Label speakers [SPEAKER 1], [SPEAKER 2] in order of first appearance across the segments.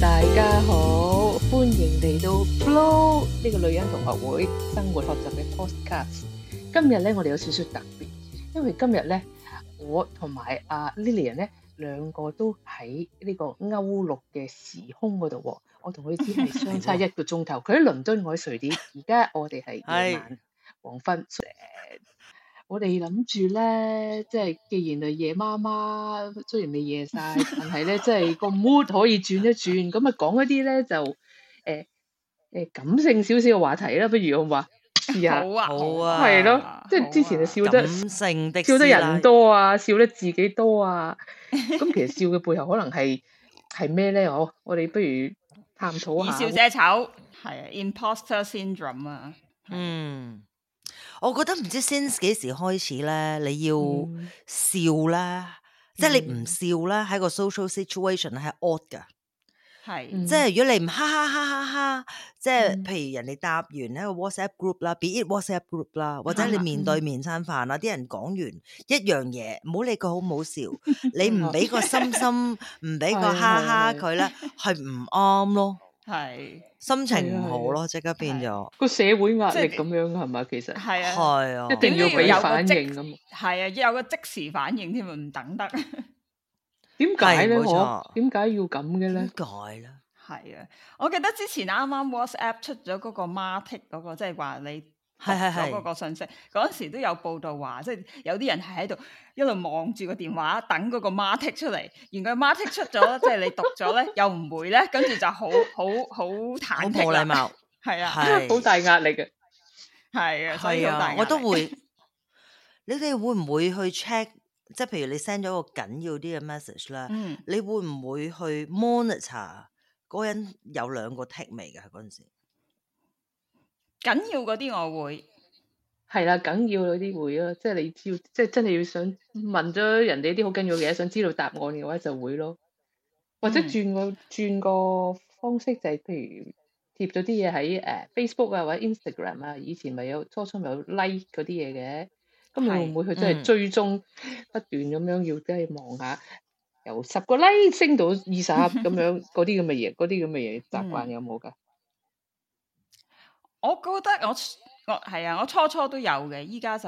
[SPEAKER 1] 大家好，歡迎嚟到 Flo 呢個女人同學會生活學習嘅 podcast。今日咧，我哋有少少特別，因為今日咧，我同埋阿 Lilian 咧兩個都喺呢個歐陸嘅時空嗰度。我同佢只係相差一個鐘頭，佢喺 倫敦，我喺瑞典。而家我哋係夜晚黃昏。 我哋諗住咧，即係既然係夜媽媽，雖然未夜晒，但係咧，即係個 mood 可以轉一轉，咁咪講一啲咧就誒誒、欸欸、感性少少嘅話題啦。不如好唔好啊？好啊，係咯，即係之前就笑得，
[SPEAKER 2] 啊、性的笑得人
[SPEAKER 1] 多啊，笑得自己多啊。咁、 嗯、其實笑嘅背後可能係
[SPEAKER 2] 係咩咧？呢 oh，我我哋不如探討下。笑姐
[SPEAKER 3] 丑，係啊，imposter syndrome 啊，syndrome.
[SPEAKER 2] 嗯。我覺得唔知 since 幾時開始咧，你要笑啦，嗯、即係你唔笑啦，喺、嗯、個 social situation 係 odd 噶，
[SPEAKER 3] 係、嗯、
[SPEAKER 2] 即係如果你唔哈哈哈哈哈，即係譬如人哋答完喺個 WhatsApp group 啦、嗯、，be it WhatsApp group 啦，或者你面對面餐飯啦，啲、啊嗯、人講完一樣嘢，唔好理佢好唔好笑，你唔俾個心心，唔俾 個哈哈佢咧，係唔啱咯。係心情唔好咯，即刻變咗個
[SPEAKER 1] 社會壓力
[SPEAKER 2] 咁樣，係咪其實？係啊，一定要俾反應咁。
[SPEAKER 3] 係啊，要有個即時反應添，唔等得。
[SPEAKER 2] 點解咧？我
[SPEAKER 1] 點解要咁嘅咧？點解咧？係啊，
[SPEAKER 3] 我記得之前啱啱 WhatsApp 出咗嗰個 mark 嗰個，即係話你。係係係，嗰個信息嗰陣時都有報道話，即、就、係、是、有啲人係喺度一路望住個電話，等嗰個 tick 出嚟。如果 tick 出咗，即係 你讀咗咧，又唔會咧，跟住就好好好忐忑，好冇禮貌，係 啊，好是大壓力嘅，係啊的，的所以。我都會。
[SPEAKER 2] 你哋會唔會去 check？即係譬如你 send 咗個緊要啲嘅 message 啦，嗯、你會唔會去 monitor 嗰人有兩個 tick 未嘅嗰陣時。緊要嗰啲我會，係啦，緊、 啊、要嗰啲會咯、啊，即係你
[SPEAKER 1] 知，即係真係要想問咗人哋啲好緊要嘅嘢，想知道答案嘅話就會咯，或者轉個、嗯、轉個方式就係，譬如貼咗啲嘢喺誒 Facebook 啊或者 Instagram 啊，以前咪有初初咪有 like 嗰啲嘢嘅，今日會唔會佢真係追蹤、嗯、不斷咁樣要即係望下，由十個 like 升到二十咁樣嗰啲咁嘅嘢，嗰啲咁嘅嘢習慣有冇㗎？嗯
[SPEAKER 3] 我覺得我我係啊，我初初都有嘅，依家就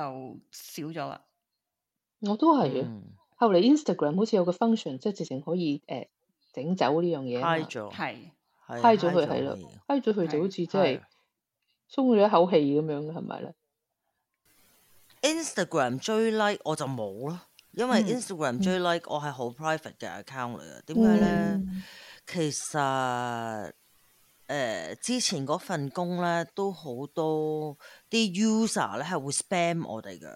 [SPEAKER 3] 少咗啦。
[SPEAKER 1] 我都係啊，嗯、後嚟 Instagram 好似有個 function，即係直情可以誒整、呃、走呢樣嘢啊嘛，係，
[SPEAKER 2] 揩咗佢係咯，
[SPEAKER 1] 揩咗佢就好似即係鬆咗一口氣咁樣，係咪咧
[SPEAKER 2] ？Instagram 追 like 我就冇啦，因為、嗯、Instagram 追 like 我係好 private 嘅 account 嚟嘅，點解咧？嗯、其實。誒、呃，之前嗰份工咧，都好多啲 user 咧係會 spam 我哋嘅。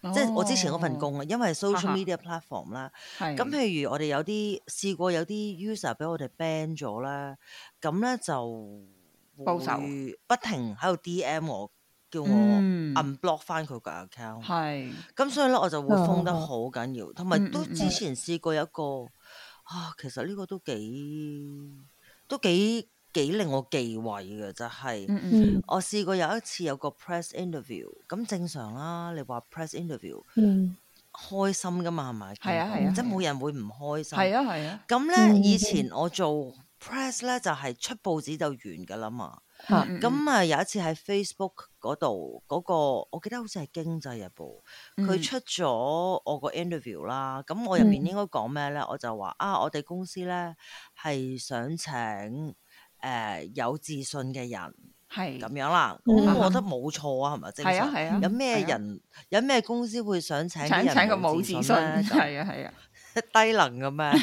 [SPEAKER 2] 哦、
[SPEAKER 1] 即係我之前嗰份工
[SPEAKER 2] 啊，哦、因為 social media platform 啦哈，咁譬如我哋有啲是試過有啲 user 俾我哋 ban 咗啦，咁咧就會不停喺度 DM 我，叫我 unblock 翻佢個 account，係、嗯，咁所以咧是我就會封得好緊要，同埋、嗯、都之前試過有一個，嗯嗯嗯、啊，其實呢個都幾都幾。幾令我忌諱嘅就係、是，我試過有一次有個 press interview，咁正常啦。你話 press interview，、嗯、開心噶嘛係咪？係啊係啊，啊即係冇人會唔開心。係啊係啊。咁咧、啊嗯、以前我做 press 咧就係、是、出報紙就完噶啦嘛。咁啊、嗯、有一次喺 Facebook 嗰度嗰、那個，我記得好似係《經濟日報》，佢出咗我個 interview 啦。咁我入邊應該講咩咧？我就話啊，我哋公司咧係想請。誒，有自信嘅人係咁樣啦，咁我覺得冇錯啊，係咪？係啊係啊。有咩人？有咩公司會想請啲人冇自信？係啊係啊，低能嘅咩？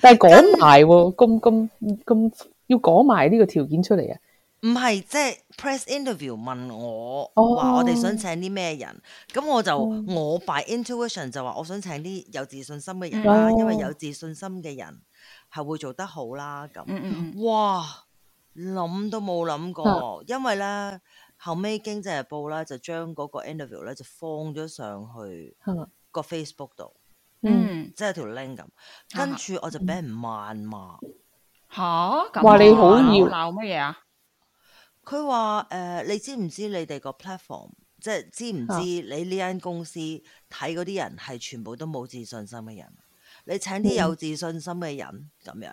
[SPEAKER 2] 但係
[SPEAKER 1] 講埋喎，咁咁咁要講埋呢個條件出嚟啊？
[SPEAKER 2] 唔係，即係 press interview 問我話我哋想請啲咩人？咁我就我 by intuition 就話我想請啲有自信心嘅人啦，因為有自信心嘅人。係會做得好啦，咁、嗯嗯、哇諗都冇諗過，啊、因為咧後尾《經濟日報》咧就將嗰個 interview 咧就放咗上去個 Facebook 度，嗯，即係條 link 咁，啊、跟住我就俾人謾罵，吓、啊，哇你好要鬧乜嘢啊？佢話誒，你知唔知你哋個 platform，即係知唔知你呢間公司睇嗰啲人係全部都冇自信心嘅人？你請啲有自信心嘅人咁樣，
[SPEAKER 1] 誒、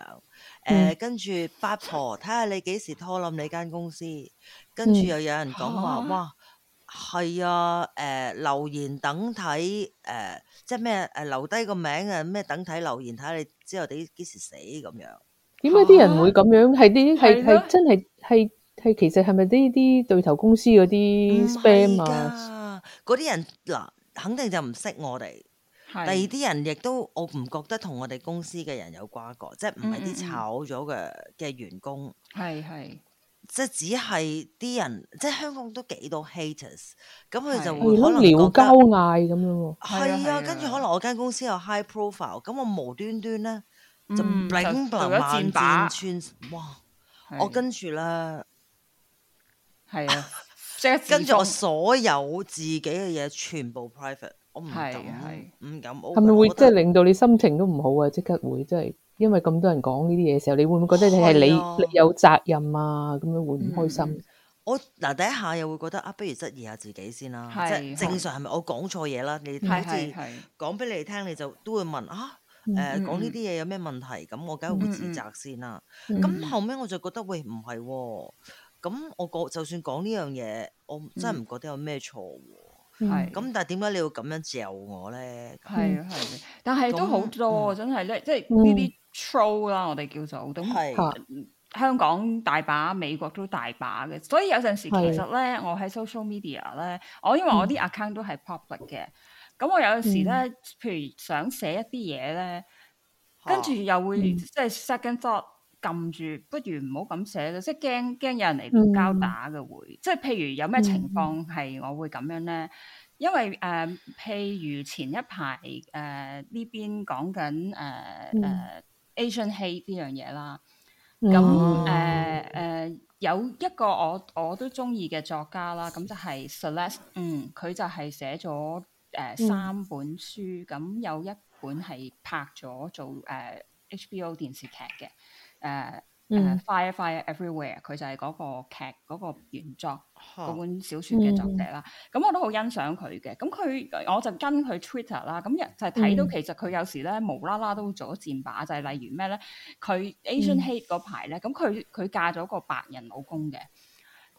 [SPEAKER 1] 嗯呃、跟
[SPEAKER 2] 住八婆睇下你幾時拖冧你間公司，
[SPEAKER 1] 跟住又有人講話，哇
[SPEAKER 2] 係、嗯、啊，誒、啊呃、留言等睇，誒、呃、即係咩誒留低個名啊，咩等睇留言睇下你之後你幾時死咁樣。
[SPEAKER 1] 點解啲人會咁樣？係啲係係真係係係其實係咪呢啲對頭公司嗰啲 spam 啊？
[SPEAKER 2] 嗰啲人嗱，肯定就唔識我哋。第二啲人亦都，我唔覺得同我哋公司嘅人有瓜葛，即係唔係啲炒咗嘅嘅員工。係係，即係只係啲人，即係香港都幾多 haters，咁佢就會可能好交
[SPEAKER 1] 嗌咁樣喎。係啊，跟住
[SPEAKER 2] 可能我間公司有 high profile，咁我無端端咧就頂到咗箭哇！我跟住啦，係啊，跟住我所有自己嘅嘢全部 private。係係唔敢，係咪會即係
[SPEAKER 1] 令到你心情都唔好啊？即刻會即係，因為咁多人講呢啲嘢嘅時候，你會唔會覺得你係你有責任啊？咁樣會唔開心？
[SPEAKER 2] 我嗱第一下又會覺得啊，不如質疑下自己先啦。即係正常係咪？我講錯嘢啦？你睇下講俾你哋聽，你就都會問啊？誒，講呢啲嘢有咩問題？咁我梗係會自責先啦。咁後尾我就覺得喂，唔係喎。咁我講就算講呢樣嘢，我真係唔覺得有咩錯誤。係，咁、嗯嗯、但係點解你要咁樣嚼我咧？係啊、嗯，係，
[SPEAKER 3] 但係都好多，嗯、真係咧，即係呢啲 troll 啦，我哋叫做，都咁、嗯、香港大把，美國都大把嘅，所以有陣時其實咧，是我喺 social media 咧，我因為我啲 account 都係 public 嘅，咁、嗯、我有陣時咧，嗯、譬如想寫一啲嘢咧，跟住又會即係 second thought。啊嗯撳住，不如唔好咁寫嘅，即係驚驚有人嚟到交打嘅會。嗯、即係譬如有咩情況係我會咁樣咧？嗯、因為誒、呃，譬如前一排誒呢邊講緊誒誒 Asian Hate 呢樣嘢啦。
[SPEAKER 2] 咁誒誒
[SPEAKER 3] 有一個我我都中意嘅作家啦，咁就係 Celeste。嗯，佢就係寫咗誒、呃、三本書，咁、嗯、有一本係拍咗做誒、呃、HBO 電視劇嘅。誒 Fire Fire Everywhere 佢就係嗰個劇嗰，嗰個原作嗰，啊、本小說嘅作者啦。咁、嗯、我都好欣賞佢嘅。咁佢我就跟佢 Twitter 啦。咁就係睇到其實佢有時咧無啦啦都會做咗戰靶，就係、是、例如咩咧？佢 Asian Hate 嗰排咧，咁佢佢嫁咗個白人老公嘅。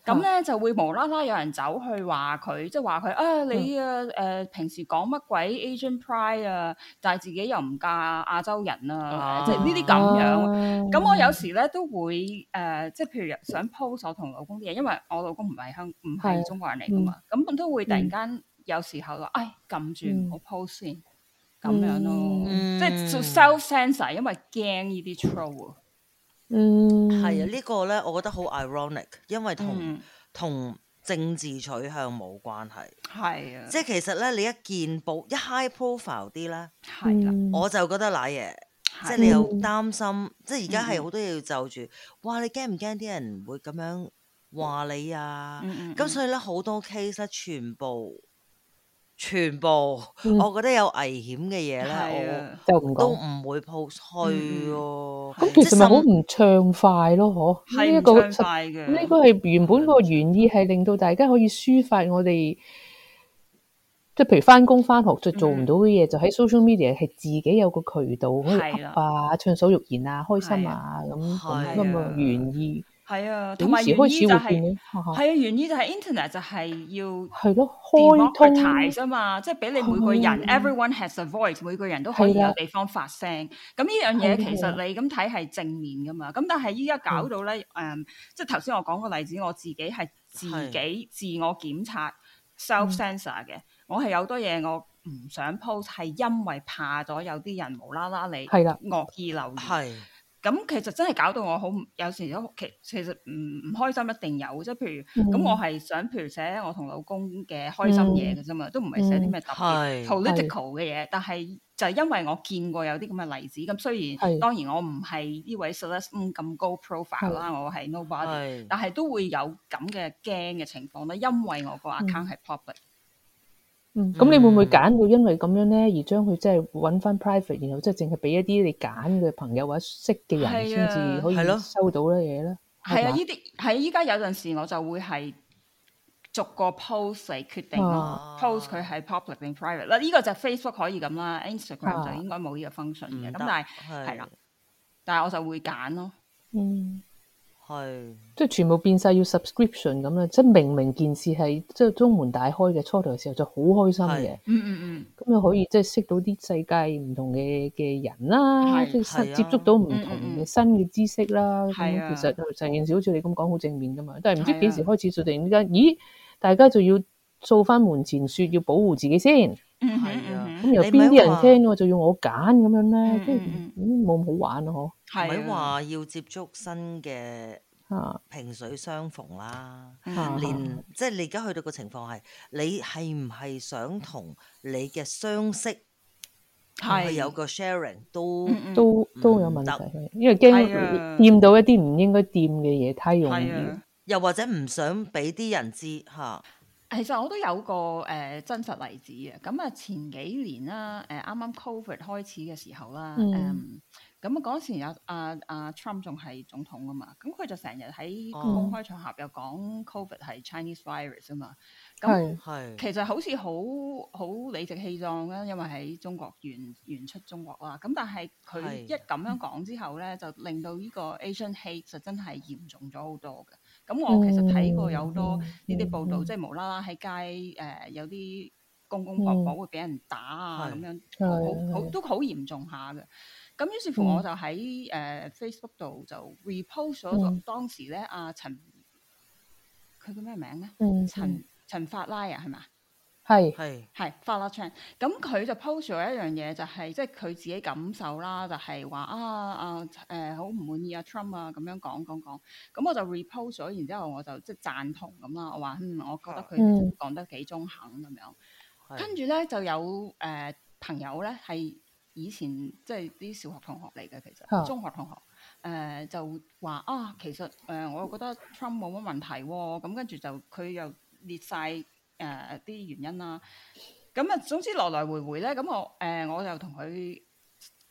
[SPEAKER 3] 咁咧就會無啦啦有人走去話佢，即係話佢啊、嗯、你啊誒平時講乜鬼 Asian Pride 啊，但係自己又唔嫁亞洲人啊，即係呢啲咁樣。咁、啊、我有時咧都會誒，即、呃、係譬如想 post 我同老公啲嘢，因為我老公唔係香唔係中國人嚟㗎嘛，咁我、嗯、都會突然間有時候話，嗯、哎撳住、嗯、我 post 先，咁樣咯，嗯嗯、即係做 self censor 因為驚呢啲
[SPEAKER 2] trouble。嗯，係啊，呢個咧，我覺得好 ironic，因為同同政治取向冇關係，係啊，即係其實咧，你一見報一 high profile 啲咧，係啦，我就覺得嗱嘢，即係你又擔心，即係而家係好多嘢要就住，哇！你驚唔驚啲人會咁樣話你啊？咁所以咧，好多 case 全部。全部，我覺得有危險嘅嘢咧，就、嗯、的都唔會 post 去喎。
[SPEAKER 1] 咁、嗯、的其實咪好唔暢快咯，嗬？係唔暢快嘅。呢、這個係原本個原意係令到大家可以抒發我哋，即係的譬如翻工翻學做的就做唔到嘅嘢，就喺 social media 係自己有個渠道可以 up 啊，暢所欲言啊，開心啊咁，咁嘅原意。
[SPEAKER 3] 係啊，同埋原因就係係啊，原因就係 internet 就係要
[SPEAKER 1] democratize 啊
[SPEAKER 3] 嘛，即係俾你每個人 everyone has a voice，每個人都可以有地方發聲。咁呢樣嘢其實你咁睇係正面噶嘛。咁但係依家搞到咧，誒，即係頭先我講個例子，我自己係自己自我檢查 self censor 嘅，我係有多嘢我唔想 post 係因為怕咗有啲人無啦啦你惡意留言。咁其實真係搞到我好，有時都其其實唔唔開心一定有，即係譬如咁，mm hmm. 我係想譬如寫我同老公嘅開心嘢嘅啫嘛，mm hmm. 都唔係寫啲咩特別 political 嘅嘢。Mm hmm. 但係就係因為我見過有啲咁嘅例子，咁雖然、mm hmm. 當然我唔係呢位 c e 咁、嗯、高 profile 啦、mm，hmm. 我係 nobody、mm hmm. 但係都會有咁嘅驚嘅情況咧，因為我個 account 係 public、mm。Hmm. Mm hmm.
[SPEAKER 1] 嗯，咁你會唔會揀？會因為咁樣咧，而將佢即係搵翻 private，然後即係淨係俾一啲你揀嘅朋友或者識嘅人先至可以收到嘅嘢咧？
[SPEAKER 3] 係啊，呢啲啊。依家有陣時我就會係逐個 post 嚟決定咯，post 佢係 public 定 private 嗱、啊，呢個就 Facebook 可以咁啦，Instagram 就應該冇呢個 function 嘅，咁、啊、但係係啦，是但係我就會揀咯，嗯。
[SPEAKER 1] 係，是即係全部變晒要 subscription 咁啦，即係明明件事係即係中門大開嘅初頭嘅時候就好開心嘅，嗯嗯嗯，咁又可以即係識到啲世界唔同嘅嘅人啦，即係、啊、接觸到唔同嘅新嘅知識啦，咁、啊、其實成件事好似你咁講好正面噶嘛，但係唔知幾時開始就突然間，啊、咦，大家就要掃翻門前雪，要保護自己先。
[SPEAKER 2] 嗯係啊，咁由邊啲人聽
[SPEAKER 1] 喎，就要我揀咁樣咧，嗯，冇咁好玩咯
[SPEAKER 2] 嗬。係咪話要接觸新嘅，啊萍水相逢啦，連即係你而家去到個情況係，你係唔係想同你嘅相識係有個 sharing 都
[SPEAKER 1] 都都有問題，因為驚掂到一啲唔應該掂嘅嘢太容易，
[SPEAKER 2] 又或者唔想俾啲人知吓。
[SPEAKER 3] 其實我都有個誒、呃、真實例子嘅，咁、嗯、啊前幾年啦，誒、呃、啱啱 Covid 開始嘅時候啦、嗯嗯，嗯，咁、嗯、嗰時阿阿 Trump 仲係總統啊嘛，咁、嗯、佢就成日喺公開場合又講 Covid 係 Chinese virus 啊嘛，咁、嗯、係其實好似好好理直氣壯啦，因為喺中國原原出中國啦，咁、嗯、但係佢一咁樣講之後咧，是就令到呢個 Asian hate 就真係嚴重咗好多嘅。咁我其實睇過有好多呢啲報道，即係無啦啦喺街誒有啲公公婆婆會俾人打啊，咁、嗯、樣、嗯、好好都好嚴重下嘅。咁於是乎我就喺誒、嗯呃、Facebook 度就 repost 咗、嗯、當時咧，阿陳佢叫咩名咧？陳呢、嗯、陳法拉啊，係咪？係係係 Farah Chan，咁佢就 post 咗一樣嘢，就係即係佢自己感受啦，就係、是、話啊啊誒，好、呃、唔滿意啊 Trump 啊，咁樣講講講。咁我就 reply 咗，然之後我就即係贊同咁啦，我話嗯，我覺得佢講得幾中肯咁樣。是跟住咧就有誒、呃、朋友咧係以前即係啲小學同學嚟嘅，其實是中學同學誒、呃、就話啊，其實誒、呃、我覺得 Trump 冇乜問題喎、啊。咁跟住就佢又列晒。誒啲、呃、原因啦，咁啊總之來來回回咧，咁我誒、呃、我就同佢，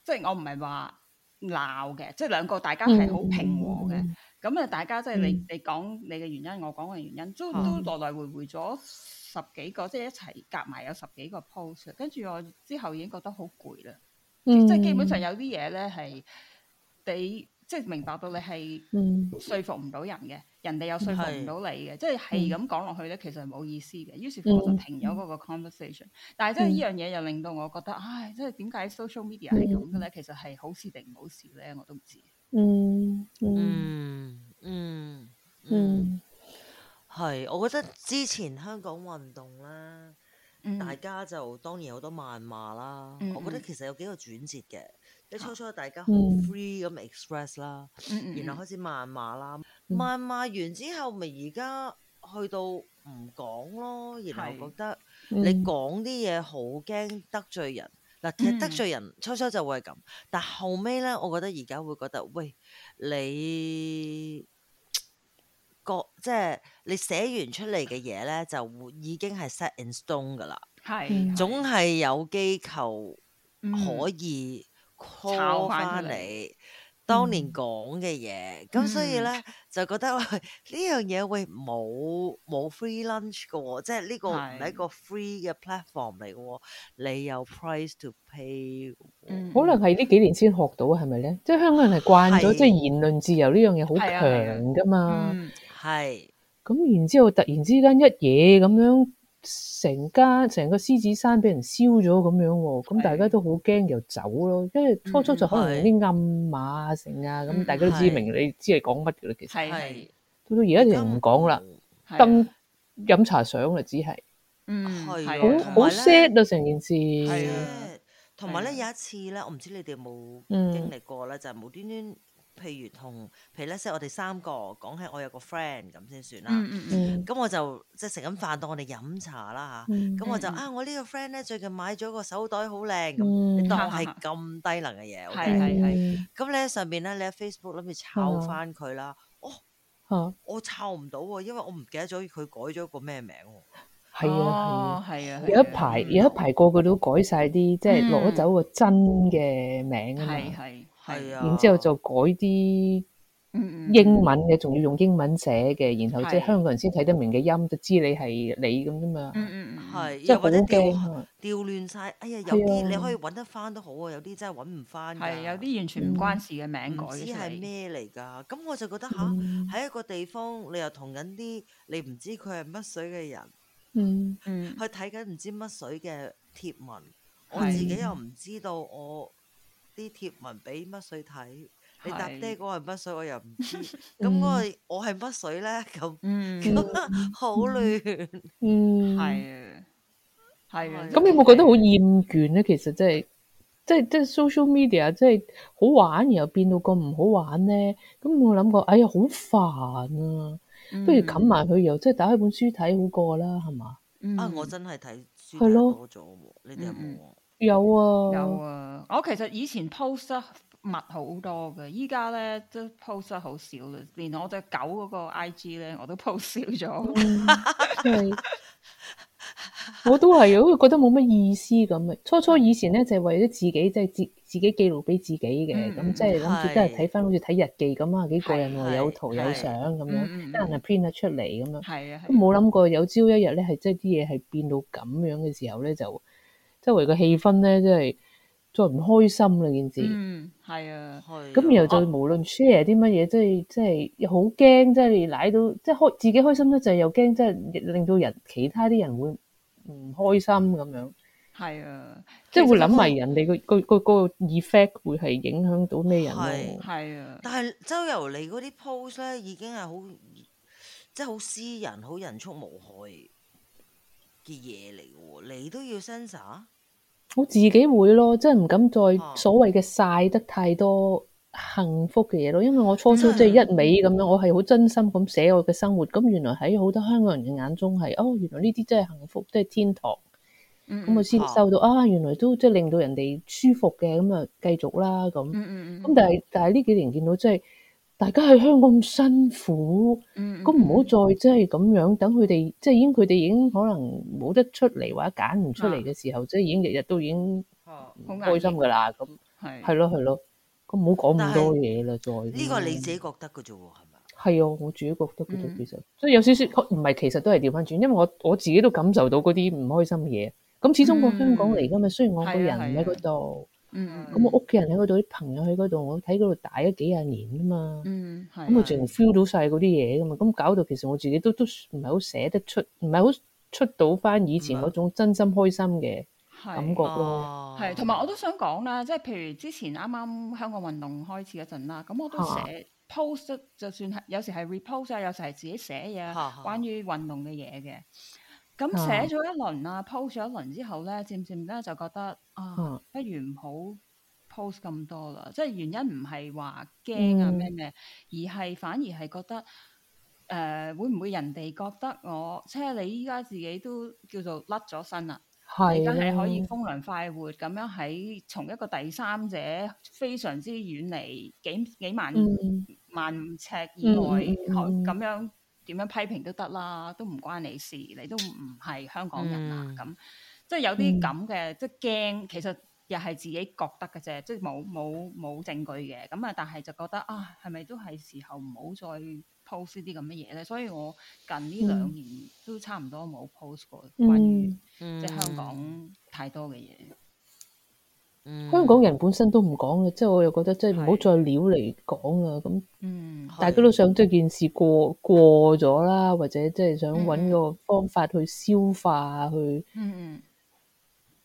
[SPEAKER 3] 即係我唔係話鬧嘅，即係兩個大家係好平和嘅，咁啊、嗯、大家、嗯、即係你你講你嘅原因，我講嘅原因，都都來來回回咗十幾個，即係、嗯、一齊夾埋有十幾個 post，跟住我之後已經覺得好攰啦，即係基本上有啲嘢咧係你。即係明白到你係説服唔到人嘅，人哋又説服唔到你嘅，是即係係咁講落去咧，其實係冇意思嘅。於是乎，我就停咗嗰個 conversation。但係即係呢樣嘢又令到我覺得，唉，即係點解 social media 係咁嘅咧？其實係好事定唔好事咧？我都唔知，嗯。嗯
[SPEAKER 1] 嗯嗯
[SPEAKER 2] 嗯，係、嗯嗯。我覺得之前香港運動啦。大家就當然好多謾罵啦，嗯嗯我覺得其實有幾個轉折嘅，一初、啊、初大家好 free 咁 express 啦，嗯嗯然後開始謾罵啦，謾罵、嗯、完之後咪而家去到唔講咯，嗯、然後覺得你講啲嘢好驚得罪人，嗱、嗯、其實得罪人初初就會係咁，嗯、但後尾咧，我覺得而家會覺得喂你。個即係你寫完出嚟嘅嘢咧，就已經係 set in stone 噶啦。係總係有機構可以 call 翻你當年講嘅嘢，咁所以咧就覺得哇，呢樣嘢會冇冇 free lunch 嘅喎，即係呢個唔係一個 free 嘅 platform 嚟嘅喎，你有 price to pay。嗯，
[SPEAKER 1] 可能係呢幾年先學到係咪咧？即係香港人係慣咗，即係言論自由呢樣嘢好強噶嘛。係，咁然之後突然之間一夜咁樣，成間成個獅子山俾人燒咗咁樣，咁大家都好驚，又走咯。因為初初就可能用啲暗碼成
[SPEAKER 2] 啊，咁大家都知明，你
[SPEAKER 1] 知你講乜嘅啦。其實係，到到而家就唔講啦，咁飲茶想啦，只係，
[SPEAKER 2] 嗯，係，好好 sad
[SPEAKER 1] 啊成件事。係啊，同埋咧有一
[SPEAKER 2] 次咧，我唔知你哋冇經歷過啦，就係無端端。譬如同，譬如咧，即係我哋三個講起，我有個 friend 咁先算啦。咁我就即係食緊飯，當我哋飲茶啦嚇。咁我就啊，我呢個 friend 咧最近買咗個手袋好靚，咁你當係咁低能嘅嘢。係係係。咁你喺上邊咧，你喺 Facebook 諗住抄翻佢啦。哦，我抄唔到喎，因為我唔記得咗佢改咗個咩名。係啊係啊，有一排有一
[SPEAKER 1] 排個個都改晒啲，即係攞走個真嘅名啊嘛。係係。
[SPEAKER 2] 係，然之後就
[SPEAKER 1] 改啲英文嘅，仲要用英文寫嘅，然後即係香港人先睇得明嘅音，就知你係你咁啫嘛。嗯嗯嗯，
[SPEAKER 2] 係，即係或者調亂晒。哎呀，有啲你可以揾得翻都好啊，有啲真係揾唔翻。係，有啲完全唔關事嘅名改。唔知係咩嚟噶？咁我就覺得吓喺一個地方，你又同緊啲你唔知佢係乜水嘅人，嗯
[SPEAKER 1] 嗯，
[SPEAKER 2] 去睇緊唔知乜水嘅貼文，我自己又唔知道我。啲帖文俾乜水睇？你搭爹嗰係乜水，我又唔知。咁我我係乜水咧？咁咁好亂。嗯，係啊，係啊。咁、你、有冇
[SPEAKER 1] 覺得好厭倦咧？其實即係即係即係 social media，即係好玩，然後變到咁唔好玩咧。咁我諗過，哎呀，好煩啊！不如冚埋佢，又即係打開本書睇好過啦，係嘛？
[SPEAKER 2] 啊，我真係睇書睇多咗喎，你哋有冇？嗯
[SPEAKER 1] 有啊， 有啊！
[SPEAKER 3] 我其實以前 post 得密好多嘅，依家咧都 post 得好少啦。連我隻狗嗰個 I G 咧，我都 post 少咗、 嗯。
[SPEAKER 1] 我都係啊，因為覺得冇乜意思咁啊。初初以前咧，就是、為咗自己，即、就、係、是、自自己記錄俾自己嘅。咁即係諗住，即係睇翻好似睇日記咁啊，幾過癮喎！有圖有相咁樣，得閒啊 print 啊出嚟咁樣。係啊，冇諗過有朝一日咧，係即係啲嘢係變到咁樣嘅時候咧，就。周圍嘅氣氛咧，真係再唔開心啦，件事嗯，係啊，係、啊。咁然後就無論 share 啲乜嘢，即係即係又好驚，即係瀨到即係開自己開心得滯又驚，即係令到人其他啲人會唔開心咁樣。係啊，啊即係會諗埋人哋個個個個 effect 會係影響到咩人，係啊，
[SPEAKER 3] 啊
[SPEAKER 2] 但係周遊嚟嗰啲 post 咧，已經係好，即係好私人，好人畜無害。嘅嘢嚟你都要伸手？
[SPEAKER 1] 我自己會咯，真係唔敢再所謂嘅晒得太多幸福嘅嘢咯。因為我初初即係一味咁樣， 我係好真心咁寫我嘅生活。咁原來喺好多香港人嘅眼中係哦，原來呢啲真係幸福，真係天堂。咁、 嗯、我先收到啊，原來都即係令到人哋舒服嘅，咁啊繼續啦咁。咁但係但係呢幾年見到真係。大家喺香港咁辛苦，咁唔好再即係咁樣等佢哋，即係已經佢哋已經可能冇得出嚟或者揀唔出嚟嘅時候，啊、即係已經日日都已經好開心㗎啦。咁係係咯係咯，咁唔好講咁多嘢啦。再呢個你自己覺得嘅啫喎，係咪？係啊，我自己覺得嘅啫。其實所以有少少，唔係其實都係調翻轉，因為我我自己都感受到嗰啲唔開心嘅嘢。咁始終個香港嚟㗎嘛，嗯、雖然我個人喺嗰度，嗯嗯，嗯，咁我屋企人喺嗰度，啲朋友喺嗰度，我喺嗰度大咗幾廿年啊嘛，咁、嗯、我成 feel 到晒嗰啲嘢噶嘛，咁、嗯、搞到其實我自己都都唔係好寫得出，唔係好出到返以前嗰種真心開心嘅感覺咯。
[SPEAKER 2] 係
[SPEAKER 3] 是，同埋、啊、我都想講啦，即係譬如之前啱啱香港運動開始嗰陣啦，咁我都寫 post、啊、就算係有時係 repost 啊，有時係自己寫嘢啊，啊關於運動嘅嘢嘅。咁寫咗一輪啊，post 咗一輪之後咧，漸漸咧就覺得啊，啊不如唔好 post 咁多啦。即係原因唔係話驚啊咩咩，嗯、而係反而係覺得誒、呃，會唔會人哋覺得我？即係你依家自己都叫做甩咗身啦，而家係可以風涼快活咁樣喺從一個第三者非常之遠離幾幾萬、嗯、萬尺以外，咁樣、嗯。嗯嗯嗯點樣批評都得啦，都唔關你事，你都唔係香港人啊咁、嗯，即係有啲咁嘅，嗯、即係驚，其實又係自己覺得嘅啫，即係冇冇冇證據嘅，咁啊，但係就覺得啊，係咪都係時候唔好再 post 啲咁嘅嘢咧？所以我近呢兩年、嗯、都差唔多冇 post 過關於、嗯嗯、即係香港太多嘅嘢。
[SPEAKER 1] 香港人本身都唔講嘅，即係我又覺得即係唔好再撩嚟講啦。咁，嗯，大家都想即係件事過過咗啦，或者即係想搵個方法去消化去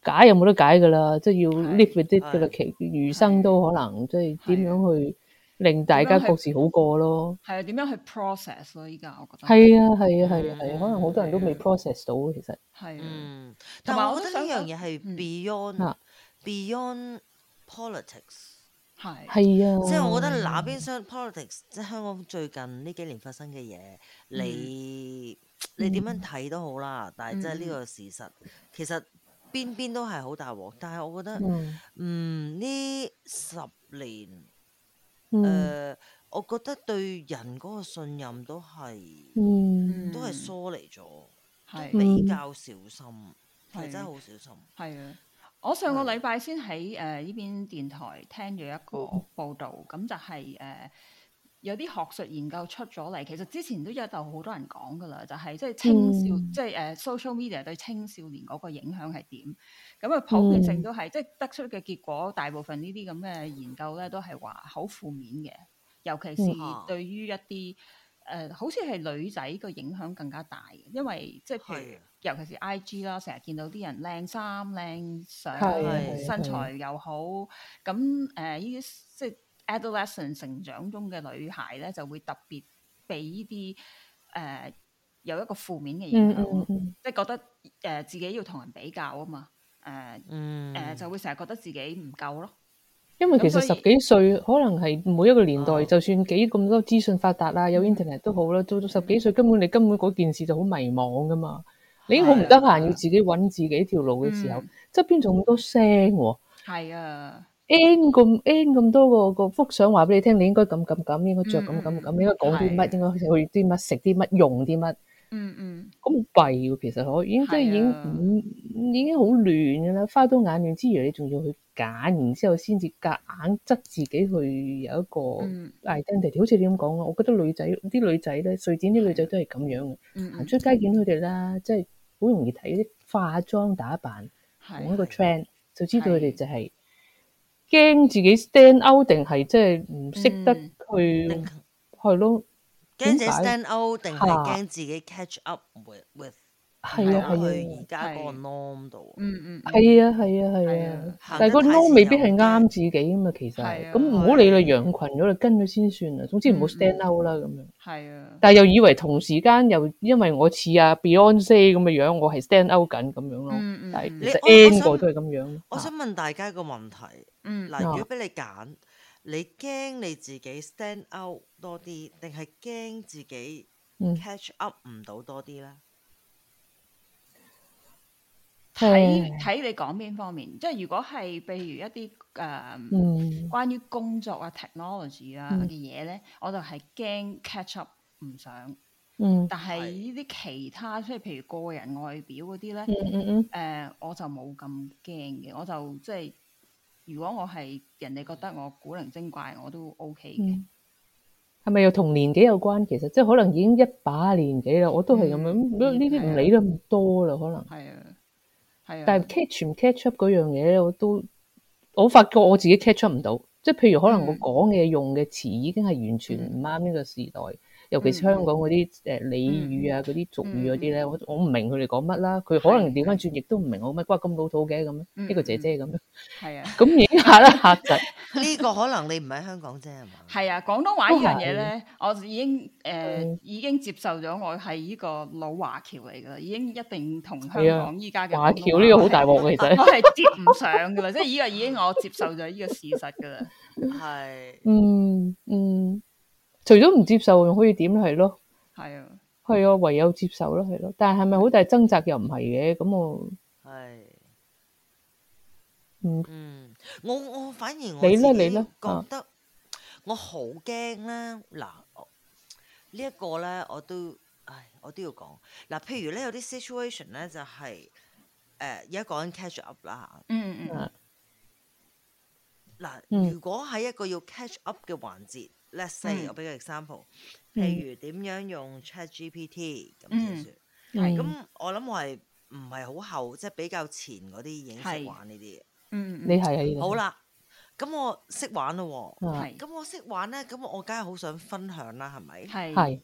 [SPEAKER 1] 解。有冇得解㗎啦，即係要 live with 啲佢嘅餘生都可能即係點樣去令大家各自好過咯。
[SPEAKER 3] 係啊，點樣去 process 咯？依家我覺得係啊，係啊，係
[SPEAKER 1] 啊，可能好多人都未 process 到其實。
[SPEAKER 2] 係啊，同埋我覺得呢樣嘢係 beyond。Beyond politics 係係啊，即係我覺得哪邊相 politics，即係香港最近呢幾年發生嘅嘢、嗯，你你點樣睇都好啦。但係即係呢個事實，其實邊邊都係好大鑊。但係我覺得，嗯呢、嗯、十年，誒、呃，我覺得對人嗰個信任都係，嗯、
[SPEAKER 1] 都係疏
[SPEAKER 2] 離咗，嗯、比較小心，
[SPEAKER 3] 係、嗯、的真係好小心，係啊。我上個禮拜先喺誒呢邊電台聽咗一個報道，咁、oh. 就係、是、誒、呃、有啲學術研究出咗嚟，其實之前都有好多人講噶啦，就係即係青少年即係誒 social media 對青少年嗰個影響係點？咁啊普遍性都係、mm. 即係得出嘅結果，大部分呢啲咁嘅研究咧都係話好負面嘅，尤其是對於一啲誒、mm hmm. 呃、好似係女仔個影響更加大，因為即係譬如。Mm hmm. 尤其是 I.G. 啦，成日見到啲人靚衫靚相，的身材又好咁。誒的，呢啲、呃、即係 adolescent 成長中嘅女孩咧，就會特別俾呢啲誒有一個負面嘅影響，嗯嗯嗯嗯即係覺得誒、呃、自己要同人比較啊嘛。誒、呃、誒、嗯嗯呃、就會成日覺得自己唔夠咯。
[SPEAKER 1] 因為其實十幾歲可能係每一個年代，嗯嗯嗯嗯嗯就算幾咁多資訊發達啦，有 internet 都好啦。做到十幾歲根本你根本嗰件事就好迷惘噶嘛。你好唔得閒，的要自己搵自己條路嘅時候，側邊仲好多聲
[SPEAKER 3] 喎，
[SPEAKER 1] 係啊，n 咁 n 咁多個個幅相話俾你聽，你應該咁咁咁，應該着咁咁咁，嗯、應該講啲乜，的應該去啲乜，食啲乜，用啲乜。嗯嗯，咁好弊喎，其實可已經即係已經、啊、已經好亂噶啦，花多眼亂之餘，你仲要去揀，然之後先至夾硬執自己去有一個 identity 好似你咁講，我覺得女仔啲女仔咧，瑞典啲女仔都係咁樣嘅，行、啊嗯、出街見佢哋啦，即係好容易睇啲化妝打扮，揾對個 trend，就知道佢哋就係驚自己 stand out，定係即係唔識得去，係咯、啊。驚自己 stand out 定係驚
[SPEAKER 2] 自己 catch up with with，係啊，去而家個 norm 度。嗯嗯，係啊係啊係啊。但係個 norm 未必
[SPEAKER 1] 係啱自己吖嘛，其實。係。咁唔好理啦，羊群咗啦，跟咗先算啦。總之唔好 stand out 啦咁樣。係啊。但係又以為同時間又因為我似啊 Beyonce 咁嘅樣，我係 stand out 緊咁樣咯。嗯嗯。你我
[SPEAKER 2] 想問大家一個問題。嗯。嗱，如果俾你揀，你驚你自己 stand out 多啲，定係驚自己 catch up 唔到多啲咧？
[SPEAKER 3] 睇睇、嗯嗯嗯、你講邊方面？即係如果係譬如一啲誒、呃嗯嗯、關於工作啊 technology 啊嘅嘢咧，我就係驚 catch up 唔上。嗯、但係呢啲其他，即係譬如個人外表嗰啲咧，誒、嗯嗯嗯呃、我就冇咁驚嘅，我就即係。如果我係人哋覺得我古靈精怪，我都 OK
[SPEAKER 1] 嘅。係咪、嗯、又同年紀有關？其實即係可能已經一把年紀啦，我都係咁樣，呢啲唔理得咁多啦。可能係啊，係啊、嗯。嗯嗯、但係 catch 全 catch up 嗰樣嘢，我都我發覺我自己 catch up 唔到。即係譬如可能我講嘢用嘅詞已經係完全唔啱呢個時代。嗯嗯嗯嗯尤其是香港嗰啲誒俚語啊、嗰啲俗語嗰啲咧，我我唔明佢哋講乜啦。佢可能調翻轉，亦都唔明我乜瓜咁老土嘅咁，呢個姐姐咁。
[SPEAKER 2] 係啊。咁
[SPEAKER 1] 影下啦，吓窒。
[SPEAKER 2] 呢個可能你唔喺香港啫，係嘛？係啊，
[SPEAKER 3] 廣東話呢樣嘢咧，我已經誒已經接受咗，我係呢個老華僑嚟噶啦，已經一定同香港依家嘅華僑呢個好大鑊其實。我係接唔上噶啦，即係依個已經我接受咗呢個事實噶啦。係。
[SPEAKER 1] 嗯嗯。除咗唔接受，仲可以點咧？係咯，係啊，係啊，唯有接受咯，係咯。但係咪好大掙扎，又唔係嘅。咁我，
[SPEAKER 2] 係。嗯嗯，我我反而我自己覺得我好驚啦。嗱，呢一個咧我都唉，我都要講嗱。譬如咧有啲 situation 咧就係誒，而家講緊 catch up 啦。嗯嗯。嗱，如果喺一個要 catch up 嘅環節。Let's say S、嗯、我俾個 example，譬如點樣用 ChatGPT 咁先、嗯、
[SPEAKER 1] 算，咁、嗯、
[SPEAKER 2] 我諗我係唔係好後，即、就、係、是、比較前嗰啲已經識玩呢啲嘢？嗯，嗯你係好啦，咁我識玩咯喎、哦，咁是我識玩咧，咁我梗係好想分享啦，係咪？係是。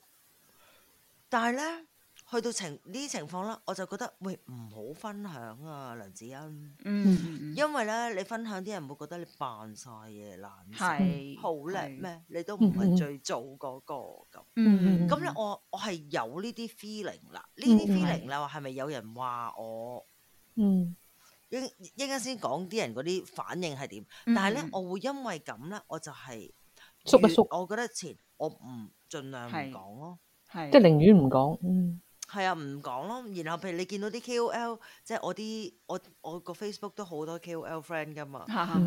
[SPEAKER 2] 但係咧。去到情呢啲情況啦，我就覺得喂唔好分享啊，梁子欣。因為咧你分享啲人會覺得你扮晒嘢，懶係好叻咩？你都唔係最早嗰個咁。嗯，咁咧我我係有呢啲 feeling 啦。呢啲 feeling 啦，係咪有人話我？嗯，一一陣先講啲人嗰啲反應係點，但係咧我會因為咁咧，我就係縮一縮。我覺得前我唔盡量唔講咯，即係寧願唔講。係啊，唔講咯。然後譬如你見到啲 KOL，即係我啲我我個 Facebook 都好多 KOL friend 噶嘛吓？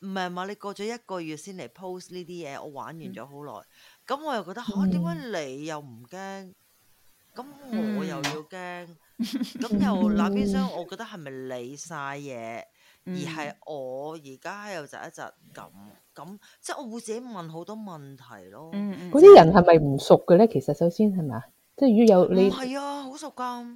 [SPEAKER 2] 唔係嘛？你過咗一個月先嚟 post 呢啲嘢，我玩完咗好耐，咁、嗯、我又覺得吓點解你又唔驚，咁我又要驚，咁、嗯、 又嗱邊箱？我覺得係咪你晒嘢，而係我而家又窒一窒咁咁，即係我會自己問好多問題咯。
[SPEAKER 1] 嗰啲、嗯、人係咪唔熟嘅咧？其實首先係咪？即係如果有你，係啊，
[SPEAKER 2] 好熟噶，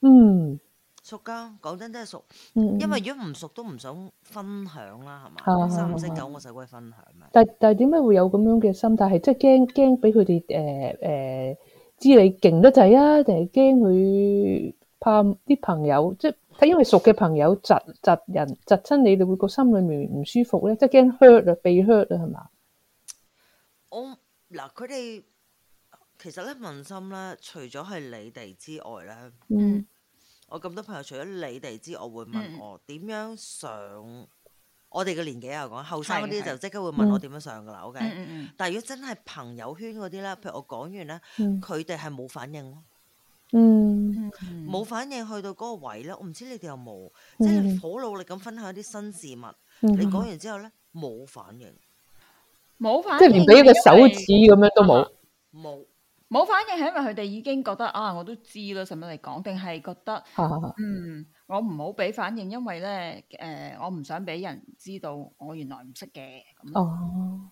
[SPEAKER 2] 嗯，熟噶，講真真係熟，嗯嗯因為如果唔熟都唔想分享啦，係嘛？三五成九，啊啊、懂懂我使鬼分享
[SPEAKER 1] 咩？但但係點解會有咁樣嘅心態？係即係驚驚俾佢哋誒誒知你勁得滯啊，定係驚佢怕啲朋友，即係，因為熟嘅朋友窒窒人窒親你，你會個心裏面唔舒服咧，即係驚 hurt 啊，被 hurt 啊，係嘛？
[SPEAKER 2] 我嗱佢哋。其實咧問心咧，除咗係你哋之外咧，我咁多朋友除咗你哋之外，我會問我點樣上。我哋嘅年紀又講後生嗰啲就即刻會問我點樣上噶啦，OK。但係如果真係朋友圈嗰啲咧，譬如我講完咧，佢哋係冇反應咯。嗯，冇反應去到嗰個位咧，我唔知你哋有冇，即係好努力咁分享一啲新事物，你講完之後咧冇反應，冇反應，即係連俾個手
[SPEAKER 1] 指咁樣都冇，冇。
[SPEAKER 3] 冇反應係因為佢哋已經覺得啊，我都知啦，甚至嚟講，定係覺得，嗯，我唔好俾反應，因為咧，誒，我唔想俾人知道我原來唔識嘅。
[SPEAKER 2] 哦，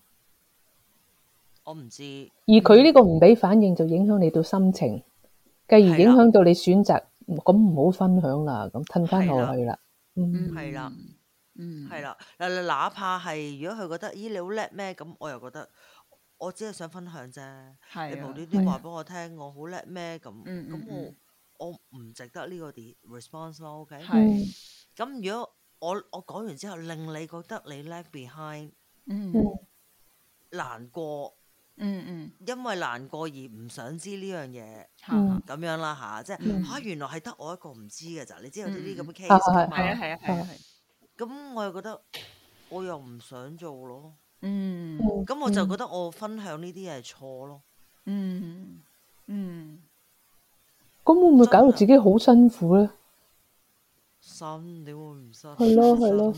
[SPEAKER 2] 我唔知。
[SPEAKER 1] 而佢呢個唔俾反應就影響你到心情，繼而影響到你選擇，咁唔好分享啦，咁吞翻落去啦。
[SPEAKER 2] 嗯，係啦，嗯，係啦，嗱，哪怕係如果佢覺得，咦，你好叻咩？咁我又覺得。我只係想分享啫，你無端端話俾我聽，我好叻咩咁？咁我我唔值得呢個啲 response 啦，OK？咁如果我我講完之後令你覺得你 left behind，嗯，難過，嗯嗯，因為難過而唔想知呢樣嘢，咁樣啦嚇，即係嚇原來係得我一個唔知嘅咋，你知有啲啲咁嘅 case 啊？係啊係啊係啊，咁我又覺得我又唔想做咯。嗯，咁我就覺得我分享呢啲嘢係錯
[SPEAKER 1] 咯。嗯嗯，咁會唔會搞到自己好辛苦咧？
[SPEAKER 2] 心你會唔心？係咯係咯，